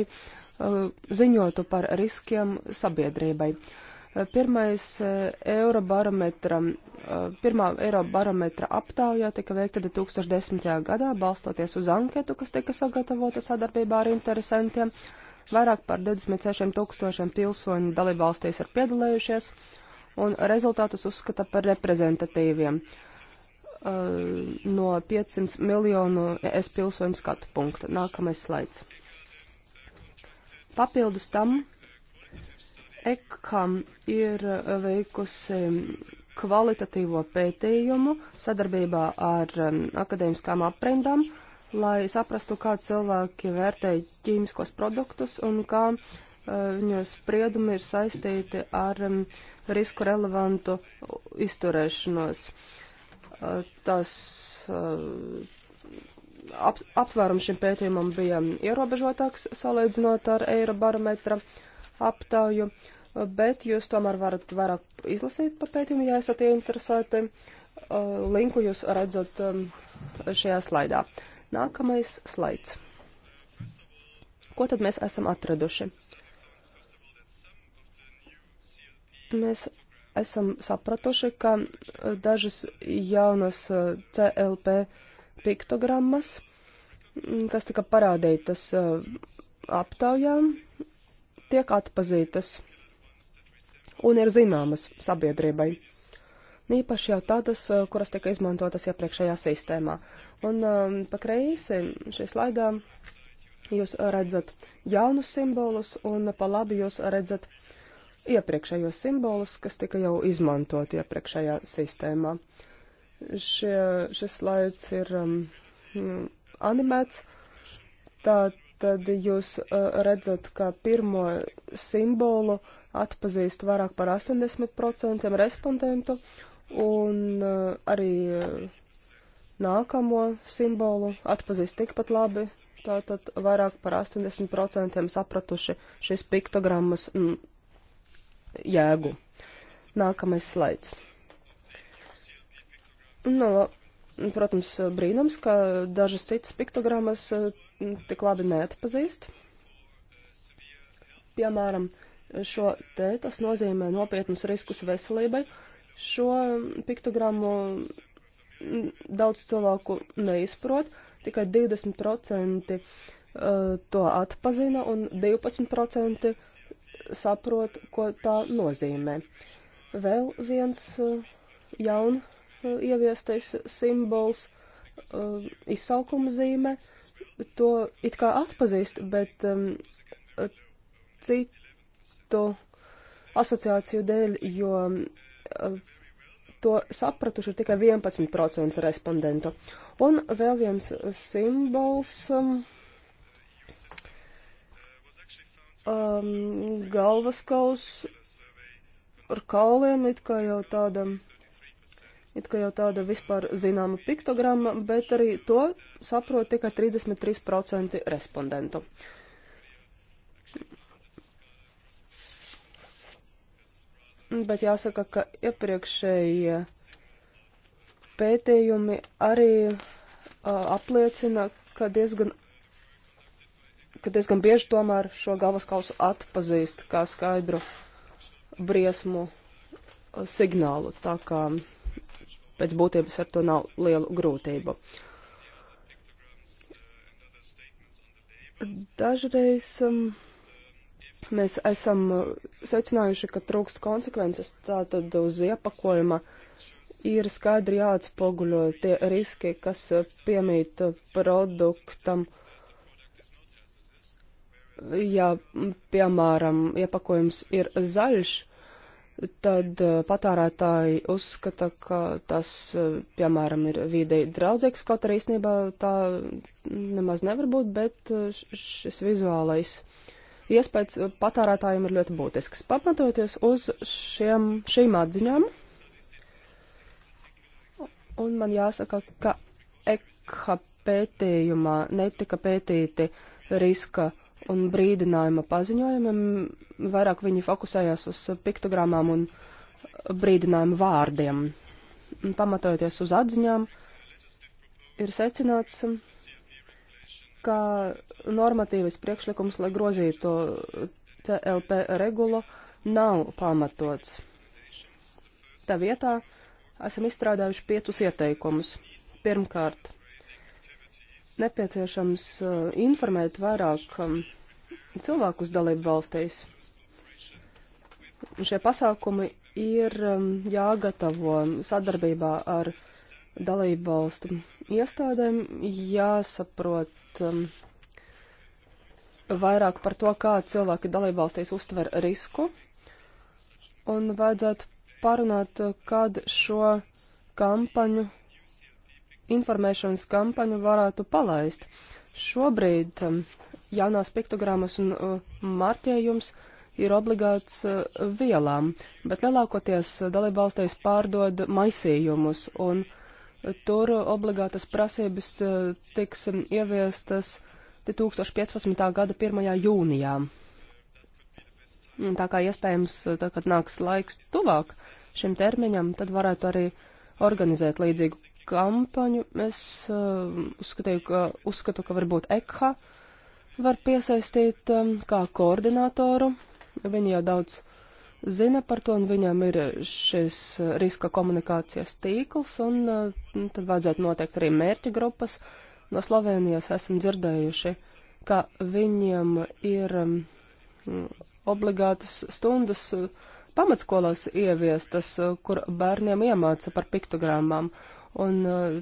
ziņotu par riskiem sabiedrībai. Uh, Pirmais eh, Eurobarometra, eh, pirmā Eurobarometra aptaujā tika veikta 2010. gadā, balstoties uz anketu, kas tika sagatavota sadarbībā ar interesantiem. Vairāk par 26 tūkstošiem pilsoņu dalībvalstīs ir piedalējušies, un rezultātus uzskata par reprezentatīviem eh, no 500 miljonu es pilsoņu skatu punktu. Nākamais slaids. Papildus tam ECAM ir uh, veikusi um, kvalitatīvo pētījumu sadarbībā ar um, akadēmiskām aprindām, lai saprastu, kā cilvēki vērtē ķīmiskos produktus un kā uh, viņu spriedumi ir saistīti ar um, risku relevantu izturēšanos. Uh, tas uh, ap, aptvērums šim pētījumam bija ierobežotāks salīdzinot ar Eirobarometra aptauju. Uh, bet jūs tomēr varat vairāk izlasīt par pētījumu, ja esat ieinteresēti. Uh, linku jūs redzat um, šajā slaidā. Nākamais slaids. Ko tad mēs esam atraduši? Mēs esam sapratuši, ka dažas jaunas uh, CLP piktogrammas, mm, kas tika parādītas uh, aptaujām, tiek atpazītas un ir zināmas sabiedrībai. Īpaši jau tādas, eh, kuras tika izmantotas iepriekšējā sistēmā. Un um, pa kreisi šī slaidā jūs redzat jaunus simbolus un pa labi jūs redzat iepriekšējos simbolus, kas tika jau izmantot iepriekšējā sistēmā. Šie, šis slaids ir um, animēts. Tā tad jūs uh, redzat, kā pirmo simbolu uh, atpazīst vairāk par 80% respondentu, un e, arī e, nākamo simbolu atpazīst tikpat labi, tātad vairāk par 80% sapratuši šīs piktogrammas mm, jēgu. Nākamais slaids. Nu, protams, brīnums, ka dažas citas piktogrammas tik labi neatpazīst. Piemēram, uh, šo te, tas nozīmē nopietnus riskus veselībai. Šo piktogrammu daudz cilvēku neizprot, tikai 20% e, to atpazina un 12% saprot, ko tā nozīmē. Vēl viens e, jaun e, ieviestais simbols, izsaukuma zīme, to it kā atpazīst, bet citi citu asociāciju dēļ, jo eh, to sapratuši ir tikai 11% respondentu. Un vēl viens simbols. Um, um, galvaskaus ar kauliem it kā jau tāda, it kā jau tāda vispār zināma piktogramma, bet arī to saprot tikai 33% respondentu. Uh, bet jāsaka, ka iepriekšējie pētījumi arī uh, apliecina, ka diezgan, ka diezgan bieži tomēr šo galvaskausu atpazīst kā skaidru briesmu signālu, tā kā pēc būtības ar to nav lielu grūtību. Dažreiz um, Mēs esam uh, secinājuši, ka trūkst konsekvences, tātad uz iepakojuma ir skaidri jāatspoguļo tie riski, kas uh, piemīt uh, produktam. Ja, piemēram, iepakojums ir zaļš, tad patērētāji uzskata, ka tas, piemēram, ir videi draudzīgs, kaut arī īstenībā tā nemaz nevar būt, bet šis vizuālais uh, iespējas eh, patērētājiem ir ļoti būtisks. Pamatojoties uz šiem, šīm atziņām, un man jāsaka, ka EKHA pētījumā netika pētīti riska un brīdinājuma paziņojumiem, vairāk viņi fokusējās uz piktogramām un brīdinājumu vārdiem. Pamatojoties uz atziņām, ir secināts, kā normatīvas priekšlikums, lai grozītu CLP regulu, nav pamatots. Tā vietā esam izstrādājuši piecus ieteikumus. Pirmkārt, nepieciešams uh, informēt vairāk um, cilvēkus dalību valstīs. Un šie pasākumi ir um, jāgatavo sadarbībā ar dalību valstu Iestādēm jāsaprot um, vairāk par to, kā cilvēki dalībvalstīs uztver risku, un vajadzētu pārunāt, kad šo kampaņu, informēšanas kampaņu varētu palaist. Šobrīd um, jaunās piktogrammas un uh, marķējums ir obligāts uh, vielām, bet lielākoties dalībvalstīs pārdod maisījumus un uh, Tur obligātas prasības e, tiks ieviestas 2015. gada 1. jūnijā. Tā kā iespējams, e, tad, kad nāks laiks tuvāk šim termiņam, tad varētu arī organizēt līdzīgu kampaņu. Es uh, uzskatīju, ka, uzskatu, ka varbūt EKHA var piesaistīt um, kā koordinātoru. Viņi jau daudz zina par to, un viņam ir šis uh, riska komunikācijas tīkls, un uh, nu, tad vajadzētu noteikt arī mērķa grupas. No Slovenijas esam dzirdējuši, ka viņiem ir um, obligātas stundas uh, pamatskolās ieviestas, kur bērniem iemāca par piktogrammām, un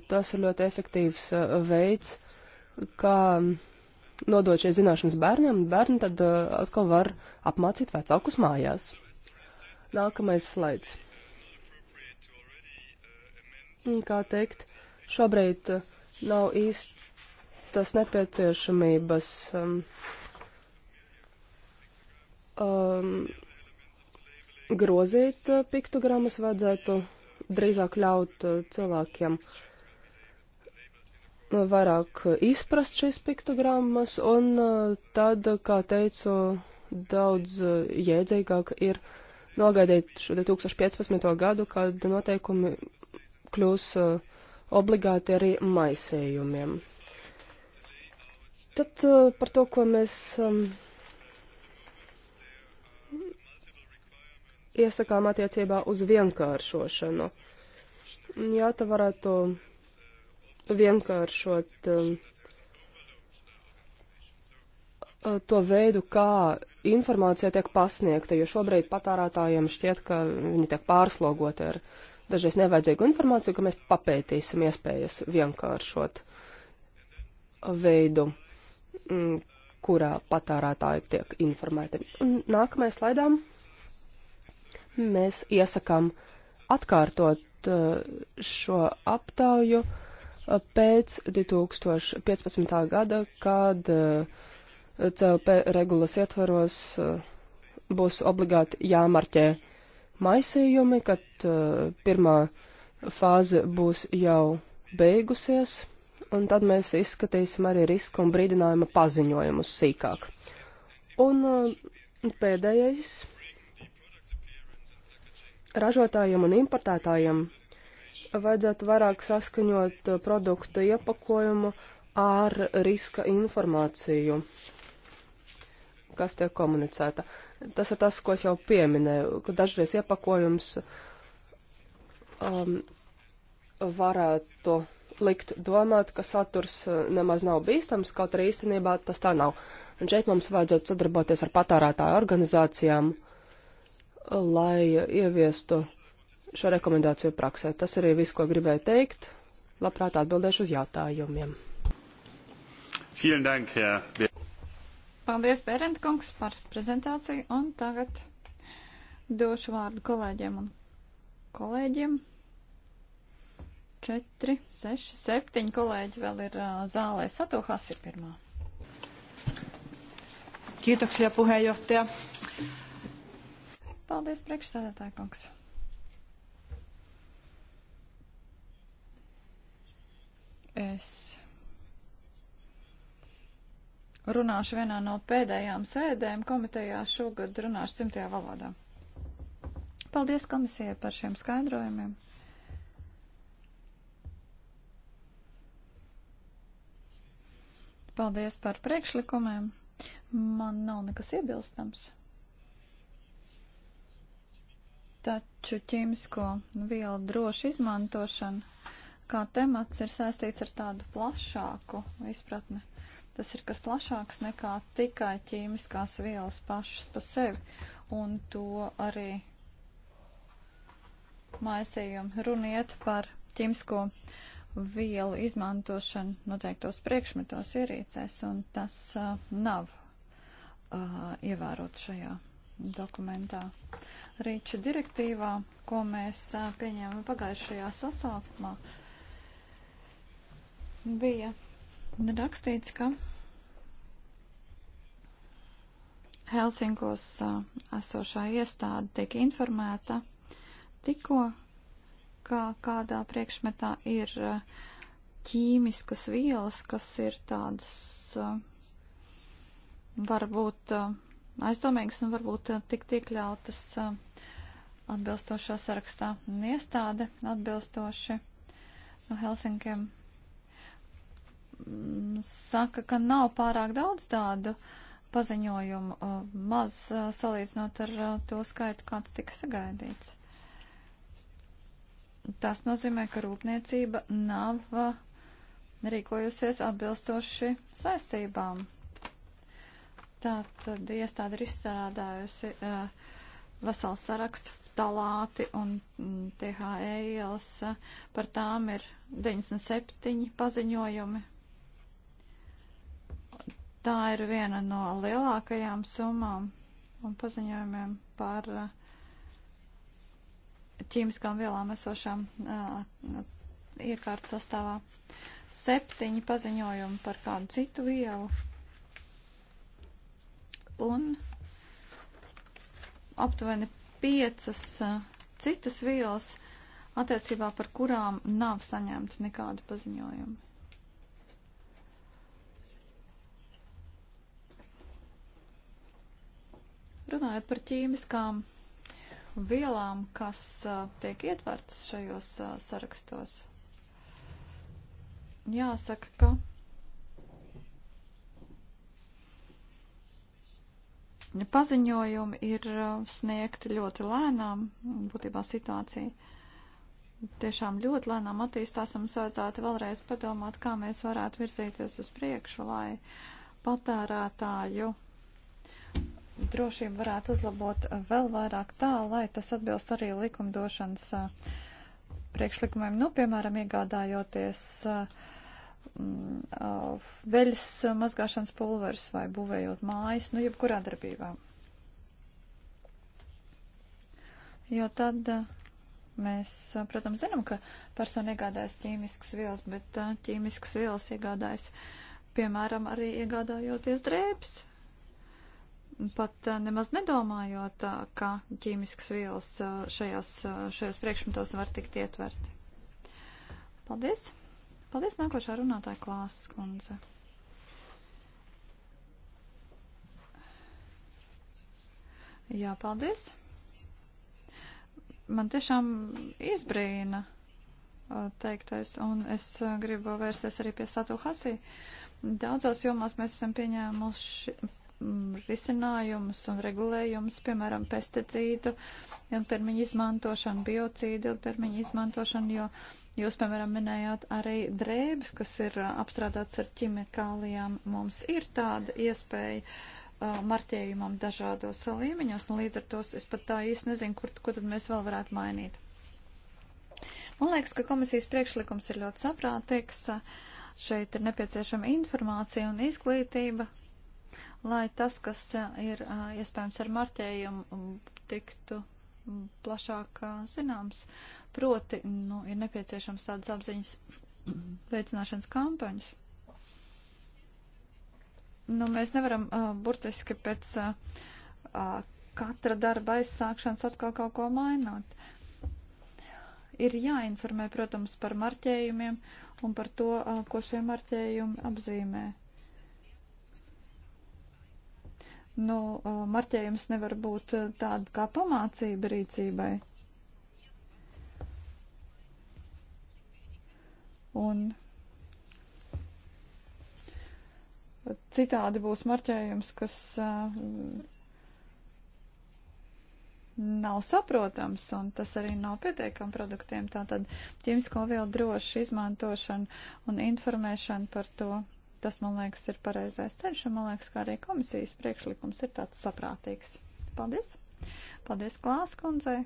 tas ir ļoti efektīvs veids, kā um, nodot šie zināšanas bērniem, un bērni tad atkal var apmācīt vecākus mājās. Nākamais slaids. Kā teikt, šobrīd uh, nav īstas nepieciešamības um, um, grozīt uh, piktogramas, vajadzētu drīzāk ļaut uh, cilvēkiem vairāk izprast šīs piktogrammas, un tad, kā teicu, daudz jēdzīgāk ir uh, nogaidīt šo 2015. gadu, kad noteikumi kļūs uh, obligāti arī maisējumiem. Tad uh, par to, ko mēs um, iesakām attiecībā uz vienkāršošanu. Jā, tā varētu vienkāršot. Um, Uh, to veidu, kā informācija tiek pasniegta, jo šobrīd patārātājiem šķiet, ka viņi tiek pārslogoti ar dažreiz nevajadzīgu informāciju, ka mēs papētīsim iespējas vienkāršot veidu, mm, kurā patārātāji tiek informēti. Un nākamais slaidām mēs iesakām atkārtot uh, šo aptauju uh, pēc 2015. gada, kad uh, CLP regulas ietvaros eh, būs obligāti jāmarķē maisījumi, kad eh, pirmā fāze būs jau beigusies, un tad mēs izskatīsim arī riska un brīdinājuma paziņojumus sīkāk. Un eh, pēdējais ražotājiem un importētājiem vajadzētu vairāk saskaņot produktu iepakojumu ar riska informāciju kas tiek komunicēta. Tas ir tas, ko es jau pieminēju, ka dažreiz iepakojums um, varētu likt domāt, ka saturs uh, nemaz nav bīstams, kaut arī īstenībā tas tā nav. Un šeit mums vajadzētu sadarboties ar patērētāju organizācijām, lai ieviestu šo rekomendāciju praksē. Tas arī viss, ko gribēju teikt. Labprāt atbildēšu uz jautājumiem. Dank, Paldies, Bērenta kungs, par prezentāciju. Un tagad došu vārdu kolēģiem un kolēģiem. Četri, seši, septiņi kolēģi vēl ir uh, zālē. Satu Hasi pirmā. Kiitoksia puheenjohtaja. Paldies, priekšstādātāja kungs. Es Runāšu vienā no pēdējām sēdēm komitejā šogad runāšu cimtajā valodā. Paldies komisijai par šiem skaidrojumiem. Paldies par priekšlikumiem. Man nav nekas iebilstams. Taču ķīmisko vielu droši izmantošana kā temats ir saistīts ar tādu plašāku izpratni Tas ir kas plašāks nekā tikai ķīmiskās vielas pašas pa sevi, un to arī maisījumu runiet par ķīmisko vielu izmantošanu noteiktos priekšmetos ierīcēs, un tas uh, nav uh, ievērots šajā dokumentā. Rīča direktīvā, ko mēs uh, pieņēmām pagājušajā sasaukumā, bija rakstīts, ka Helsinkos esošā iestāde tiek informēta tikko, kā kādā priekšmetā ir ķīmiskas vielas, kas ir tādas varbūt aizdomīgas un varbūt tikt iekļautas atbilstošā sarakstā. Un iestāde atbilstoši no Helsinkiem Mm, saka, ka nav pārāk daudz tādu paziņojumu, uh, maz uh, salīdzinot ar uh, to skaitu, kāds tika sagaidīts. Tas nozīmē, ka rūpniecība nav rīkojusies atbilstoši saistībām. Tātad iestāde ir izstrādājusi veselu sarakstu talāti un mm, THE ielas, par tām ir 97 paziņojumi, Tā ir viena no lielākajām summām un paziņojumiem par eh, ķīmiskām vielām esošām eh, iekārtas sastāvā. Septiņi paziņojumi par kādu citu vielu. Un aptuveni piecas eh, citas vielas, attiecībā par kurām nav saņemti nekādi paziņojumi. Runājot par ķīmiskām vielām, kas uh, tiek ietvertas šajos uh, sarakstos, jāsaka, ka paziņojumi ir sniegti ļoti lēnām, būtībā situācija tiešām ļoti lēnām attīstās, un mums vajadzētu vēlreiz padomāt, kā mēs varētu virzīties uz priekšu, lai patērētāju drošību varētu uzlabot vēl vairāk tā, lai tas atbilst arī likumdošanas uh, priekšlikumiem, nu, piemēram, iegādājoties uh, mm, uh, veļas mazgāšanas pulveris vai būvējot mājas, nu, jebkurā darbībā. Jo tad mēs, protams, zinām, ka persona iegādājas ķīmiskas vielas, bet ķīmiskas vielas iegādājas, piemēram, arī iegādājoties drēbes pat eh, nemaz nedomājot, eh, ka ķīmiskas vielas eh, šajās, šajos priekšmetos var tikt ietverti. Paldies! Paldies nākošā runātāja klāsas kundze. Jā, paldies! Man tiešām izbrīna teiktais, un es gribu vērsties arī pie Satu Hasī. Daudzās jomās mēs esam pieņēmuši, Mm, risinājumus un regulējumus, piemēram, pesticīdu ilgtermiņa izmantošanu, biocīdu ilgtermiņa izmantošanu, jo jūs, piemēram, minējāt arī drēbes, kas ir apstrādāts ar ķimikālijām. Mums ir tāda iespēja uh, marķējumam dažādos līmeņos, un līdz ar to es pat tā īsti nezinu, kur, ko tad mēs vēl varētu mainīt. Man liekas, ka komisijas priekšlikums ir ļoti saprātīgs. Šeit ir nepieciešama informācija un izglītība, lai tas, kas ir iespējams ar marķējumu, tiktu plašāk zināms. Proti, nu, ir nepieciešams tādas apziņas veicināšanas kampaņas. Nu, mēs nevaram uh, burtiski pēc uh, katra darba aizsākšanas atkal kaut ko mainot. Ir jāinformē, protams, par marķējumiem un par to, uh, ko šie marķējumi apzīmē. nu, marķējums nevar būt tāda kā pamācība rīcībai. Un citādi būs marķējums, kas uh, nav saprotams, un tas arī nav pietiekami produktiem. Tātad ķīmisko vielu droši izmantošana un informēšana par to Tas, man liekas, ir pareizais ceļš, un man liekas, kā arī komisijas priekšlikums ir tāds saprātīgs. Paldies! Paldies Klās kundzei!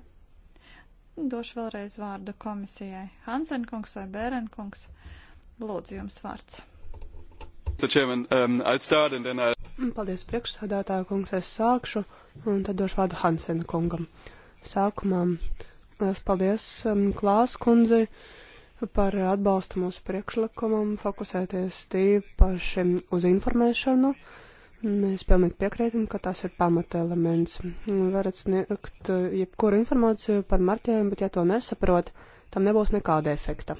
Došu vēlreiz vārdu komisijai. Hansenkungs vai Bērenkungs, lūdzu jums vārds. Um, paldies priekšsādātāju kungs, es sākšu, un tad došu vārdu Hansenkungam. Sākumā, es paldies um, Klās kundzei par atbalstu mūsu priekšlikumam, fokusēties tīpaši uz informēšanu. Mēs pilnīgi piekrītam, ka tas ir pamata elements. Varat sniegt uh, jebkuru informāciju par marķējumu, bet ja to nesaprot, tam nebūs nekāda efekta.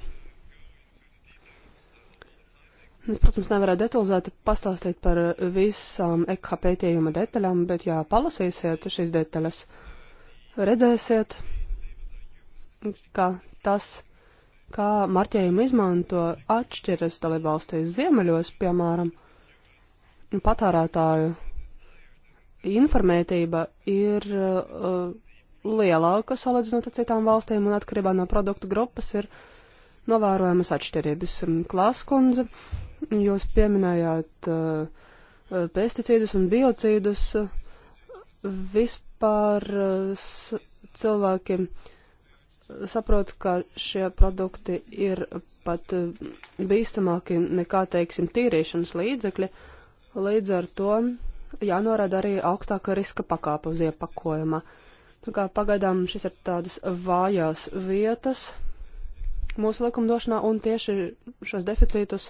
Es, protams, nevarētu detalizēti pastāstīt par visām EKH pētījuma detaļām, bet jā, palasīsiet šīs detaļas, redzēsiet, ka tas kā marķējumu izmanto atšķiras dalībvalstīs ziemeļos, piemēram, patārētāju informētība ir uh, lielāka salīdzinot ar citām valstīm un atkarībā no produktu grupas ir novērojamas atšķirības. Klaskundze, jūs pieminējāt uh, pesticīdus un biocīdus. Vispār uh, cilvēki uh, saprotu, ka šie produkti ir pat bīstamāki nekā, teiksim, tīrīšanas līdzekļi. Līdz ar to jānorāda arī augstāka riska pakāpe uz iepakojuma. Tā nu kā pagaidām šis ir tādas vājās vietas mūsu likumdošanā, un tieši šos deficītus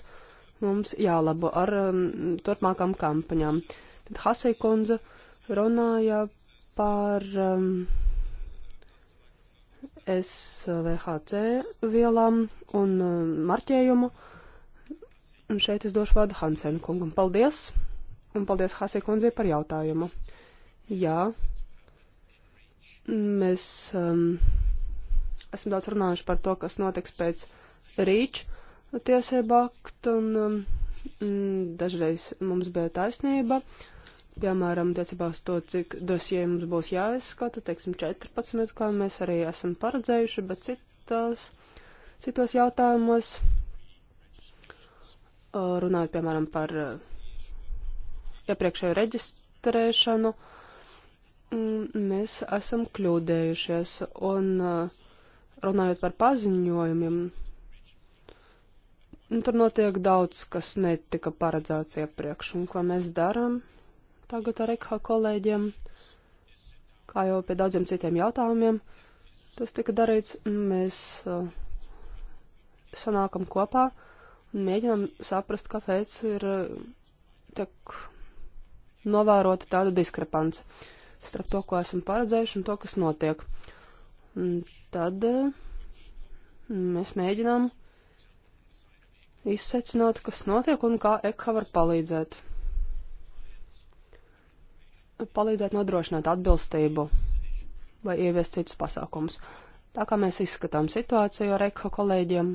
mums jālabo ar um, turpmākām kampaņām. Tad Hasī kundze runāja par um, SVHC vielām un uh, marķējumu. Un šeit es došu vārdu Hansenu kungam. Paldies! Un paldies Hasē kundzei par jautājumu. Jā, mēs um, esam daudz runājuši par to, kas notiks pēc rīča tiesību aktu, un um, dažreiz mums bija taisnība. Uh, Piemēram, attiecībā uz to, cik dosie mums būs jāizskata, teiksim, 14, kā mēs arī esam paredzējuši, bet citos, citos jautājumos, runājot, piemēram, par iepriekšēju reģistrēšanu, mm, mēs esam kļūdējušies un runājot par paziņojumiem, nu, tur notiek daudz, kas netika paredzēts iepriekš, un ko mēs darām tagad ar EKHA kolēģiem, kā jau pie daudziem citiem jautājumiem. Tas tika darīts, mēs uh, sanākam kopā un mēģinām saprast, kāpēc ir uh, tiek novērota tāda diskrepance starp to, ko esam paredzējuši un to, kas notiek. Un tad uh, mēs mēģinām izsecināt, kas notiek un kā EKA var palīdzēt palīdzēt nodrošināt atbilstību vai ieviest citus pasākumus. Tā kā mēs izskatām situāciju ar ECHO kolēģiem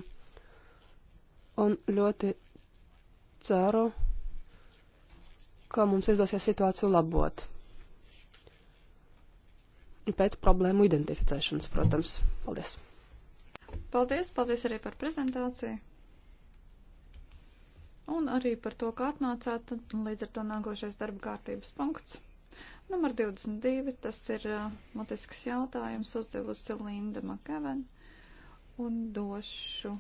un ļoti ceru, ka mums izdosies situāciju labot. Pēc problēmu identificēšanas, protams. Paldies! Paldies, paldies arī par prezentāciju. Un arī par to, kā atnācāt, līdz ar to nākošais darba kārtības punkts. Numur 22, tas ir uh, mutisks jautājums, uzdevusi Linda Makaven, un došu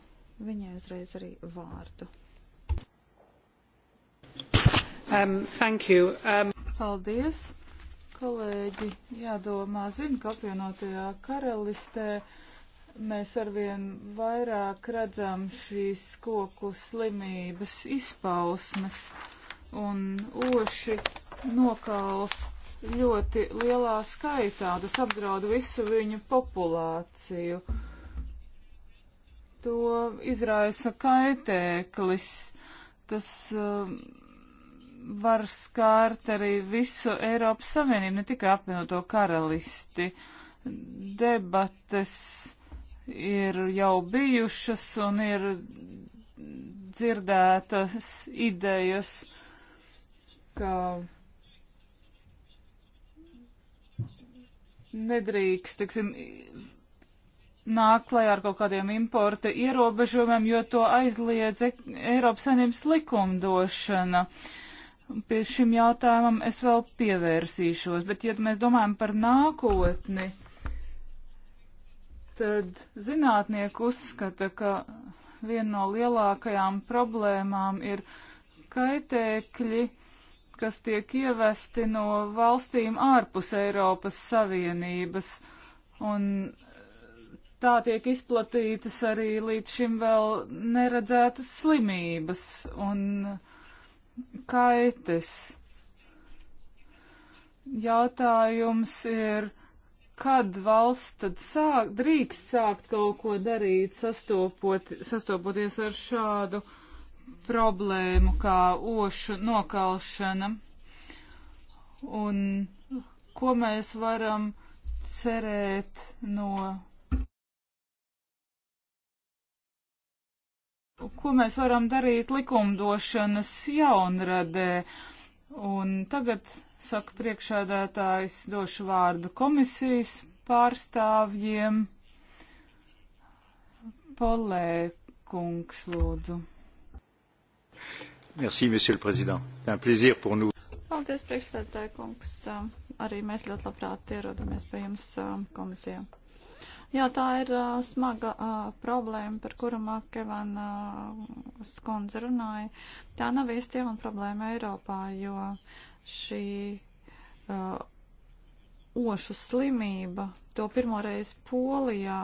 viņai uzreiz arī vārdu. Um, thank you. Um... Paldies, kolēģi. Jādomā, zinu, ka apvienotajā karalistē mēs arvien vairāk redzam šīs koku slimības izpausmes un oši nokalst ļoti lielā skaitā. Tas apdraud visu viņu populāciju. To izraisa kaitēklis. Tas um, var skārt arī visu Eiropas Savienību, ne tikai apvienoto karalisti. Debates ir jau bijušas un ir dzirdētas idejas, ka nedrīkst, teiksim, nāk klajā ar kaut kādiem importa ierobežojumiem, jo to aizliedz e- Eiropas saimnības likumdošana. Pie šim jautājumam es vēl pievērsīšos, bet ja mēs domājam par nākotni, tad zinātnieki uzskata, ka viena no lielākajām problēmām ir kaitēkļi, kas tiek ievesti no valstīm ārpus Eiropas Savienības. Un eh, tā tiek izplatītas arī līdz šim vēl neredzētas slimības un kaitis. Jautājums ir, kad valsts tad sāk, drīkst sākt kaut ko darīt, sastopot, sastopoties ar šādu uh, problēmu kā ošu nokalšana. Un ko mēs varam cerēt no. Ko mēs varam darīt likumdošanas jaunradē? Un tagad, saka priekšādātājs, došu vārdu komisijas pārstāvjiem. Polē kungs, lūdzu. Merci, Monsieur le Président. Tā ir plaisir pour nous. Paldies, priekšsēdētāji kungs. Um, arī mēs ļoti labprāt ierodamies pie jums um, komisijā. Jā, tā ir uh, smaga uh, problēma, par kuru Makevana uh, skundze runāja. Tā nav īsti jauna problēma Eiropā, jo šī uh, ošu slimība to pirmoreiz Polijā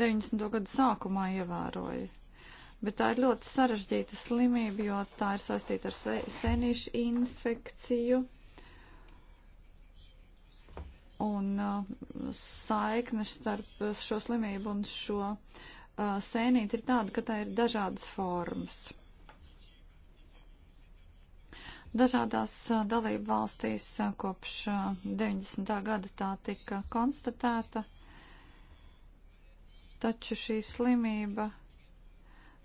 90. gadu sākumā ievēroja. Bet tā ir ļoti sarežģīta slimība, jo tā ir saistīta ar se senīšu infekciju. Un uh, saikne starp šo slimību un šo uh, sēnīti ir tāda, ka tā ir dažādas formas. Dažādās uh, dalību valstīs uh, kopš 90. Uh, gada tā tika konstatēta, taču šī slimība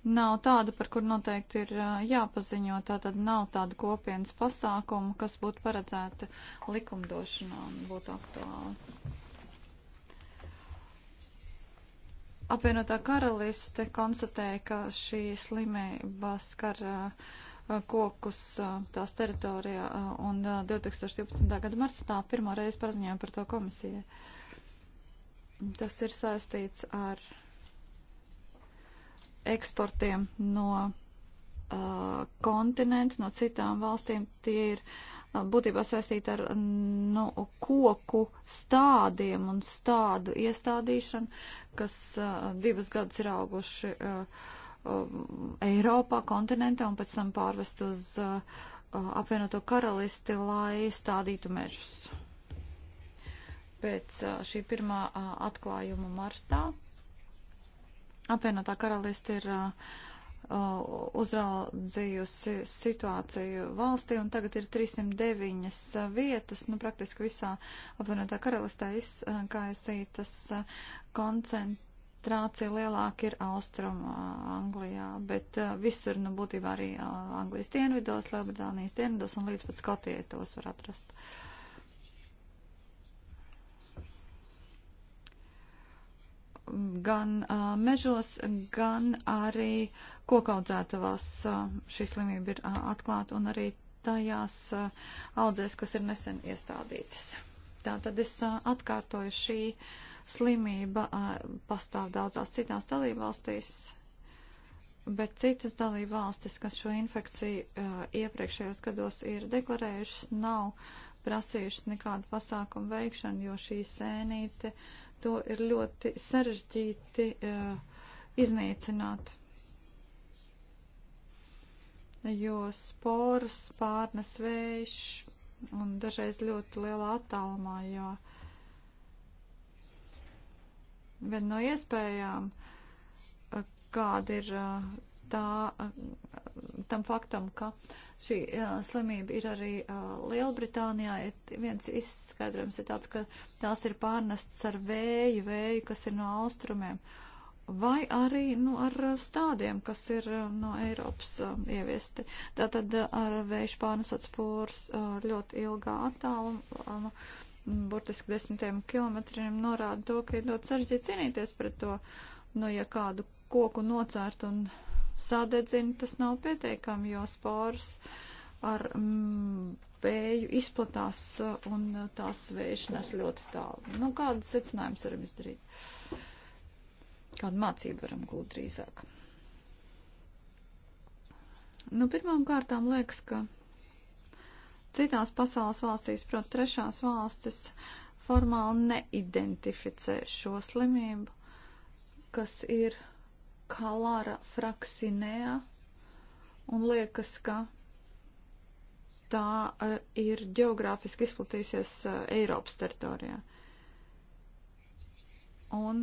nav tāda, par kur noteikti ir jāpaziņo. Tā tad nav tāda kopienas pasākuma, kas būtu paredzēta likumdošanā un būtu aktuāla. Apvienotā karaliste konstatēja, ka šī slimība skar kokus tās teritorijā un 2012. gada martā pirmo reizi paziņoja par to komisijai. Tas ir saistīts ar eksportiem no uh, kontinentu, no citām valstīm. Tie ir uh, būtībā saistīti ar nu, koku stādiem un stādu iestādīšanu, kas uh, divus gadus ir auguši uh, uh, Eiropā, kontinentā un pēc tam pārvest uz uh, uh, apvienoto karalisti, lai stādītu mežus. Pēc uh, šī pirmā uh, atklājuma martā apvienotā karaliste ir uh, uh, uzraudzījusi situāciju valstī, un tagad ir 309 uh, vietas, nu, praktiski visā apvienotā karalistē izkaisītas uh, koncentrācija lielāka ir Austrum Anglijā, bet visur, nu, būtībā arī Anglijas dienvidos, Lielbritānijas dienvidos un līdz pat Skotijai tos var atrast. Uh, gan uh, mežos, gan arī kokaudzētavās uh, šī slimība ir uh, atklāta un arī tajās uh, audzēs, kas ir nesen iestādītas. Tātad es uh, atkārtoju šī slimība uh, pastāv daudzās citās dalībvalstīs, bet citas dalībvalstis, kas šo infekciju uh, iepriekšējos gados ir deklarējušas, nav prasījušas nekādu pasākumu veikšanu, jo šī sēnīte uh, to ir ļoti sarežģīti uh, iznīcināt. Jo sporas pārnes vējš un dažreiz ļoti lielā attālumā, jo viena no iespējām, eh, kāda ir uh, tā, tam faktam, ka šī jā, slimība ir arī Lielbritānijā. Ir viens izskaidrojums ir tāds, ka tās ir pārnests ar vēju, vēju, kas ir no austrumiem, vai arī nu, ar stādiem, kas ir no Eiropas um, ieviesti. Tātad ar vēju pārnesot spūrus ļoti ilgā attālumā. Burtiski desmitiem kilometriem norāda to, ka ir ļoti sarežģīti cīnīties pret to, nu, ja kādu koku nocērt un sadedzina, tas nav pietiekami, jo spors ar mm, vēju izplatās uh, un uh, tās vējš nes ļoti tālu. Nu, kādas secinājumus varam izdarīt? Kādu mācību varam gūt drīzāk? Nu, pirmām kārtām liekas, ka citās pasaules valstīs, proti trešās valstis, formāli neidentificē šo slimību, kas ir Kalāra Fraksinēja, un liekas, ka tā uh, ir geogrāfiski izplatījusies uh, Eiropas teritorijā. Un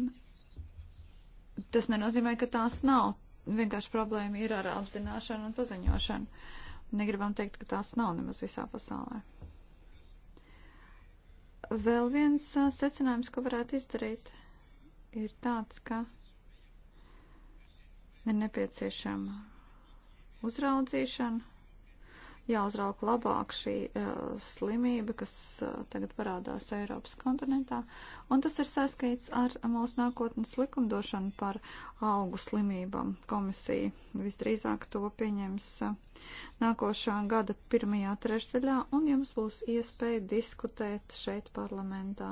tas nenozīmē, ka tās nav. Vienkārši problēma ir ar apzināšanu un paziņošanu. Negribam teikt, ka tās nav nemaz visā pasaulē. Vēl viens uh, secinājums, ko varētu izdarīt, ir tāds, ka Ir nepieciešama uzraudzīšana, jāuzrauka labāk šī uh, slimība, kas uh, tagad parādās Eiropas kontinentā, un tas ir saskaits ar mūsu nākotnes likumdošanu par augu slimībām. Komisija visdrīzāk to pieņems uh, nākošā gada pirmajā trešdaļā, un jums būs iespēja diskutēt šeit parlamentā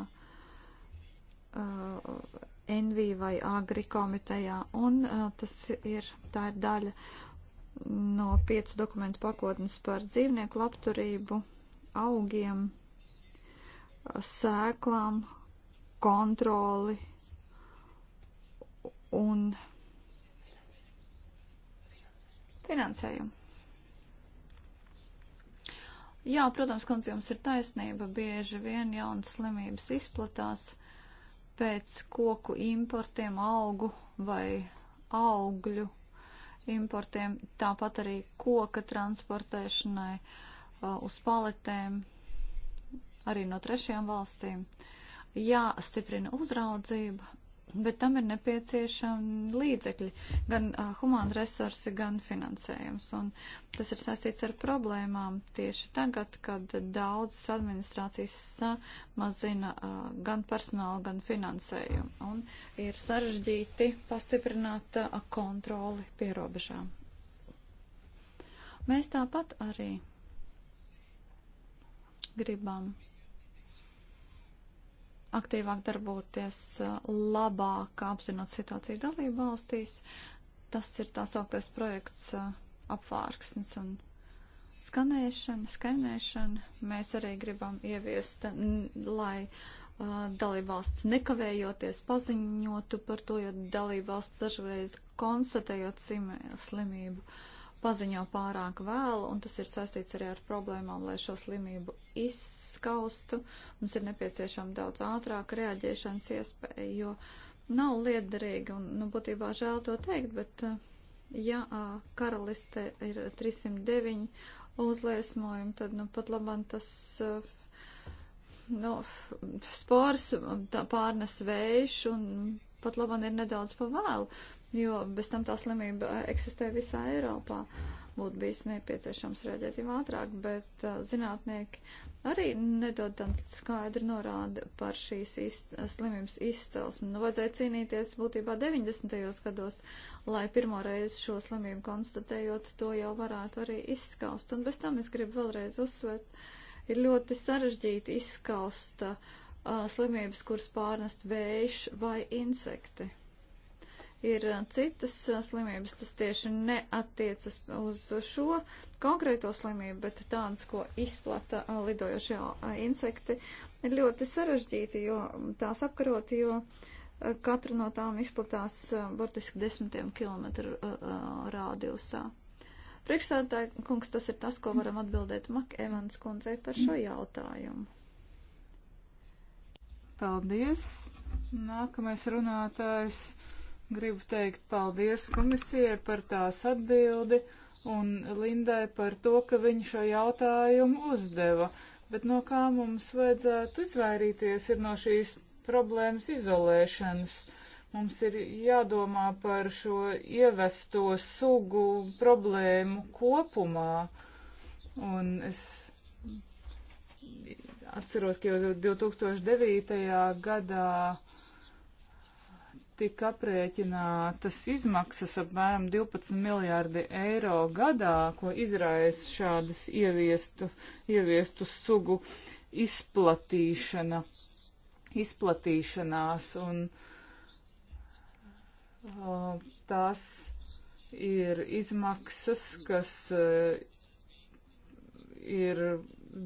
uh, NV vai Agri komitejā, un uh, tas ir, tā ir daļa no piecu dokumentu pakotnes par dzīvnieku labturību, augiem, sēklām, kontroli un finansējumu. Jā, protams, kundze, jums ir taisnība. Bieži vien jaunas slimības izplatās pēc koku importiem, augu vai augļu importiem, tāpat arī koka transportēšanai uz paletēm, arī no trešajām valstīm. Jāstiprina uzraudzība Bet tam ir nepieciešami līdzekļi, gan uh, humāna resursi, gan finansējums. Un tas ir saistīts ar problēmām tieši tagad, kad daudzas administrācijas samazina uh, gan personālu, gan finansējumu. Un ir sarežģīti pastiprināt uh, kontroli pie robežām. Mēs tāpat arī gribam aktīvāk darboties, eh, labāk apzinot situāciju dalību valstīs. Tas ir tā sauktais projekts eh, apvārksnes un skanēšana, skanēšana. Mēs arī gribam ieviest, lai eh, dalību valsts nekavējoties paziņotu par to, jo dalību valsts dažreiz konstatējot slimību paziņo pārāk vēlu, un tas ir saistīts arī ar problēmām, lai šo slimību izsākt izskaustu. Mums ir nepieciešama daudz ātrāka reaģēšanas iespēja, jo nav liederīgi, un nu, būtībā žēl to teikt, bet eh, ja karaliste ir 309 uzliesmojumi, tad nu, pat labam tas. Eh, nu, spors pārnes vējš un pat labam ir nedaudz pavēlu, jo bez tam tā slimība eh, eksistē visā Eiropā. Uh, būtu bijis nepieciešams reaģēt jau ātrāk, bet uh, zinātnieki arī nedod tam skaidru norādi par šīs izst slimības izcelsmi. Nu, vajadzēja cīnīties būtībā 90. gados, lai pirmoreiz šo slimību konstatējot, to jau varētu arī izskaust. Un bez tam es gribu vēlreiz uzsvērt, ir ļoti sarežģīti izskaust uh, slimības, kuras pārnest vējš vai insekti ir uh, citas uh, slimības, tas tieši neatiecas uz šo konkrēto slimību, bet tādas, ko izplata uh, lidojošie insekti, ir ļoti sarežģīti, jo tās apkarot, jo katra no tām izplatās burtiski desmitiem kilometru rādījusā. Priekšstādātāji, kungs, tas ir tas, ko varam atbildēt Mak Evans kundzei par šo jautājumu. Paldies! Nākamais runātājs Gribu teikt paldies komisijai par tās atbildi un Lindai par to, ka viņa šo jautājumu uzdeva. Bet no kā mums vajadzētu izvairīties ir no šīs problēmas izolēšanas. Mums ir jādomā par šo ievesto sugu problēmu kopumā. Un es atceros, ka jau 2009. gadā tika aprēķinātas izmaksas apmēram 12 miljārdi eiro gadā, ko izraisa šādas ieviestu, ieviestu sugu izplatīšana, izplatīšanās. Un, tās ir izmaksas, kas e, ir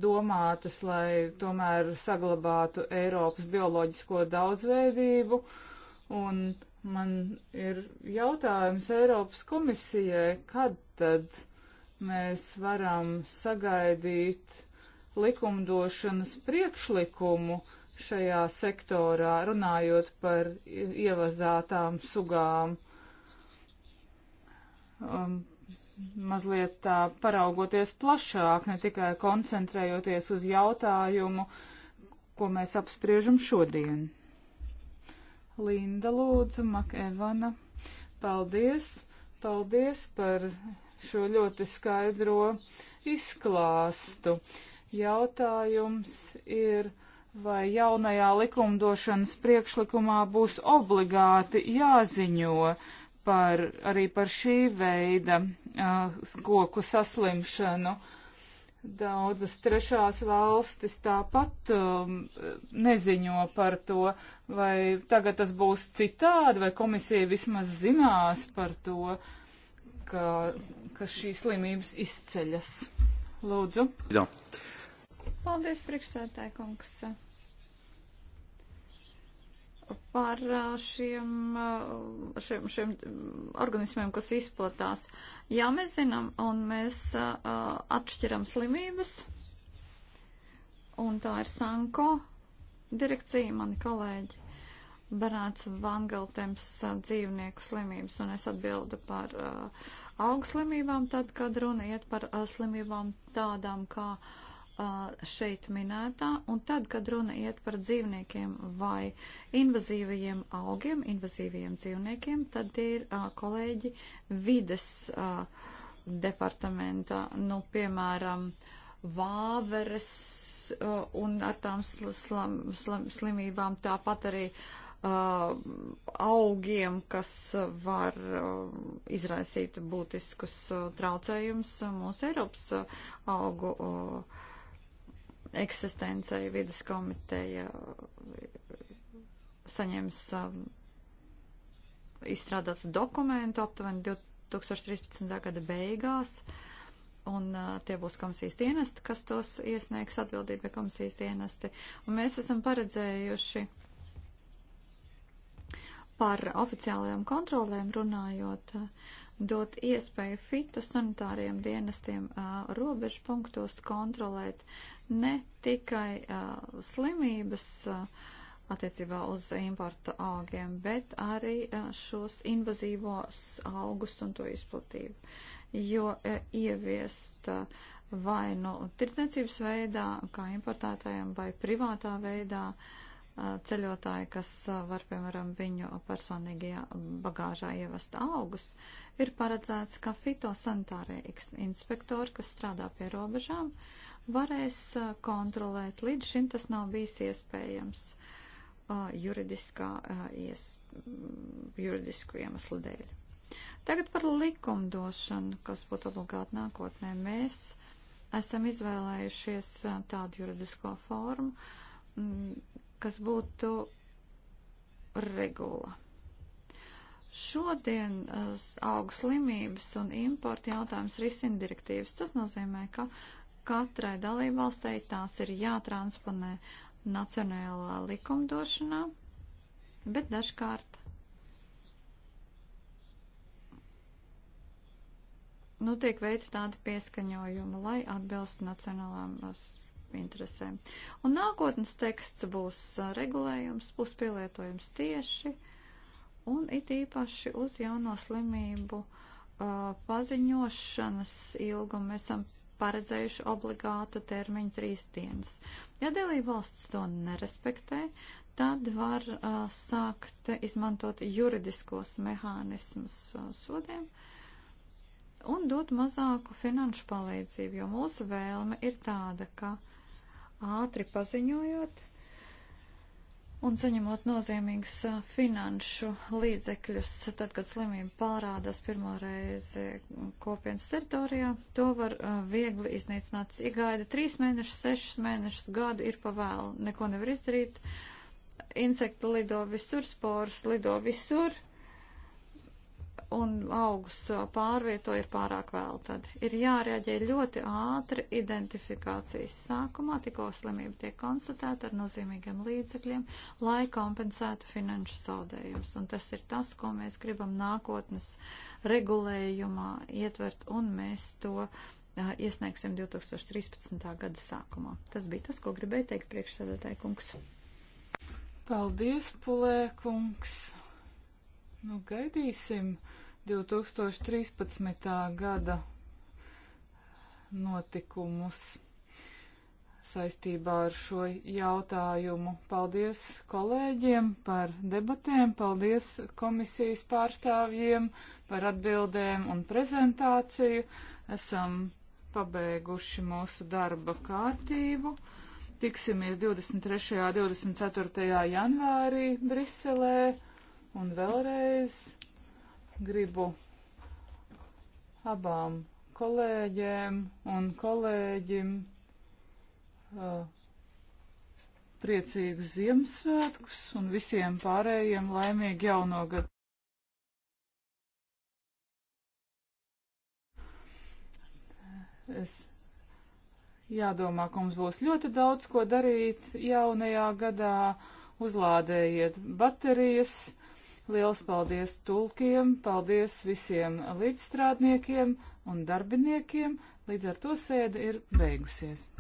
domātas, lai tomēr saglabātu Eiropas bioloģisko daudzveidību. Uh, Un man ir jautājums Eiropas komisijai, kad tad mēs varam sagaidīt likumdošanas priekšlikumu šajā sektorā, runājot par ievazātām sugām. Um, mazliet tā paraugoties plašāk, ne tikai koncentrējoties uz jautājumu, ko mēs apspriežam šodien. Linda Lūdzu, Makevana. Paldies! Paldies par šo ļoti skaidro izklāstu. Jautājums ir, vai jaunajā likumdošanas priekšlikumā būs obligāti jāziņo par, arī par šī veida uh, koku saslimšanu. Uh, Daudzas trešās valstis tāpat um, neziņo par to, vai tagad tas būs citādi, vai komisija vismaz zinās par to, ka, ka šīs slimības izceļas. Lūdzu. Jā. Paldies, priekšsētāji kungs par šiem, šiem, šiem organismiem, kas izplatās. Jā, mēs zinām, un mēs atšķiram slimības, un tā ir Sanko direkcija, mani kolēģi. Barāts Vangaltems dzīvnieku slimības, un es atbildu par uh, augslimībām, tad, kad runa iet par uh, slimībām tādām kā uh, šeit minētā, un tad, kad runa iet par dzīvniekiem vai invazīvajiem augiem, invazīvajiem dzīvniekiem, tad tie ir a, kolēģi vides a, departamentā, nu, piemēram, vāveres a, un ar tām sl slam, slam, slimībām, tāpat arī augiem, kas var izraisīt būtiskus traucējumus mūsu Eiropas augu uh, eksistencei vidas komiteja saņems um, izstrādātu dokumentu aptuveni 2013. gada beigās, un uh, tie būs komisijas dienesti, kas tos iesniegs atbildībai komisijas dienesti. Un mēs esam paredzējuši par oficiālajām kontrolēm runājot, uh, dot iespēju fitosanitāriem dienestiem uh, robežu punktos kontrolēt ne tikai uh, slimības uh, attiecībā uz importu augiem, bet arī uh, šos invazīvos augus un to izplatību. Jo uh, ieviest uh, vai no nu tirdzniecības veidā, kā importētājiem, vai privātā veidā uh, ceļotāji, kas uh, var, piemēram, viņu personīgajā bagāžā ievest augus, ir paredzēts, ka fitosanitārie inspektori, kas strādā pie robežām, uh, varēs kontrolēt. Līdz šim tas nav bijis iespējams juridiskā, ies, juridisku iemeslu dēļ. Tagad par likumdošanu, kas būtu obligāti nākotnē. Mēs esam izvēlējušies tādu juridisko formu, kas būtu regula. Šodien augu slimības un importa jautājums risina direktīvas. Tas nozīmē, ka Katrai dalībvalstei tās ir jātransponē nacionālā likumdošanā, bet dažkārt nu, tiek veikta tāda pieskaņojuma, lai atbilstu nacionālām uh, interesēm. Un nākotnes teksts būs uh, regulējums, būs pielietojums tieši un it īpaši uz jauno slimību uh, paziņošanas ilgumu. Mēs esam paredzējuši obligātu termiņu trīs dienas. Ja dalība valsts to nerespektē, tad var uh, sākt izmantot juridiskos mehānismus uh, sodiem un dot mazāku finanšu palīdzību, jo mūsu vēlme ir tāda, ka ātri paziņojot, un saņemot nozīmīgus finanšu līdzekļus, tad, kad slimība pārādās pirmo reizi kopienas teritorijā, to var viegli iznīcināt. Igaida trīs mēnešus, sešus mēnešus, gadu ir pavēlu, neko nevar izdarīt. Insekti lido visur, spors lido visur, un augus pārvieto ir pārāk vēl tad. Ir jārēģē ļoti ātri identifikācijas sākumā, tikko slimība tiek konstatēta ar nozīmīgiem līdzekļiem, lai kompensētu finanšu zaudējumus. Un tas ir tas, ko mēs gribam nākotnes regulējumā ietvert, un mēs to iesniegsim 2013. gada sākumā. Tas bija tas, ko gribēju teikt priekšsēdētāji kungs. Paldies, Pulē kungs! Nu, gaidīsim 2013. gada notikumus saistībā ar šo jautājumu. Paldies kolēģiem par debatēm, paldies komisijas pārstāvjiem par atbildēm un prezentāciju. Esam pabeiguši mūsu darba kārtību. Tiksimies 23. un 24. janvārī Briselē. Un vēlreiz gribu abām kolēģiem un kolēģim uh, priecīgus Ziemassvētkus un visiem pārējiem laimīgu jauno gadu. Es jādomā, ka mums būs ļoti daudz ko darīt jaunajā gadā. Uzlādējiet baterijas Liels paldies tulkiem, paldies visiem līdzstrādniekiem un darbiniekiem. Līdz ar to sēde ir beigusies.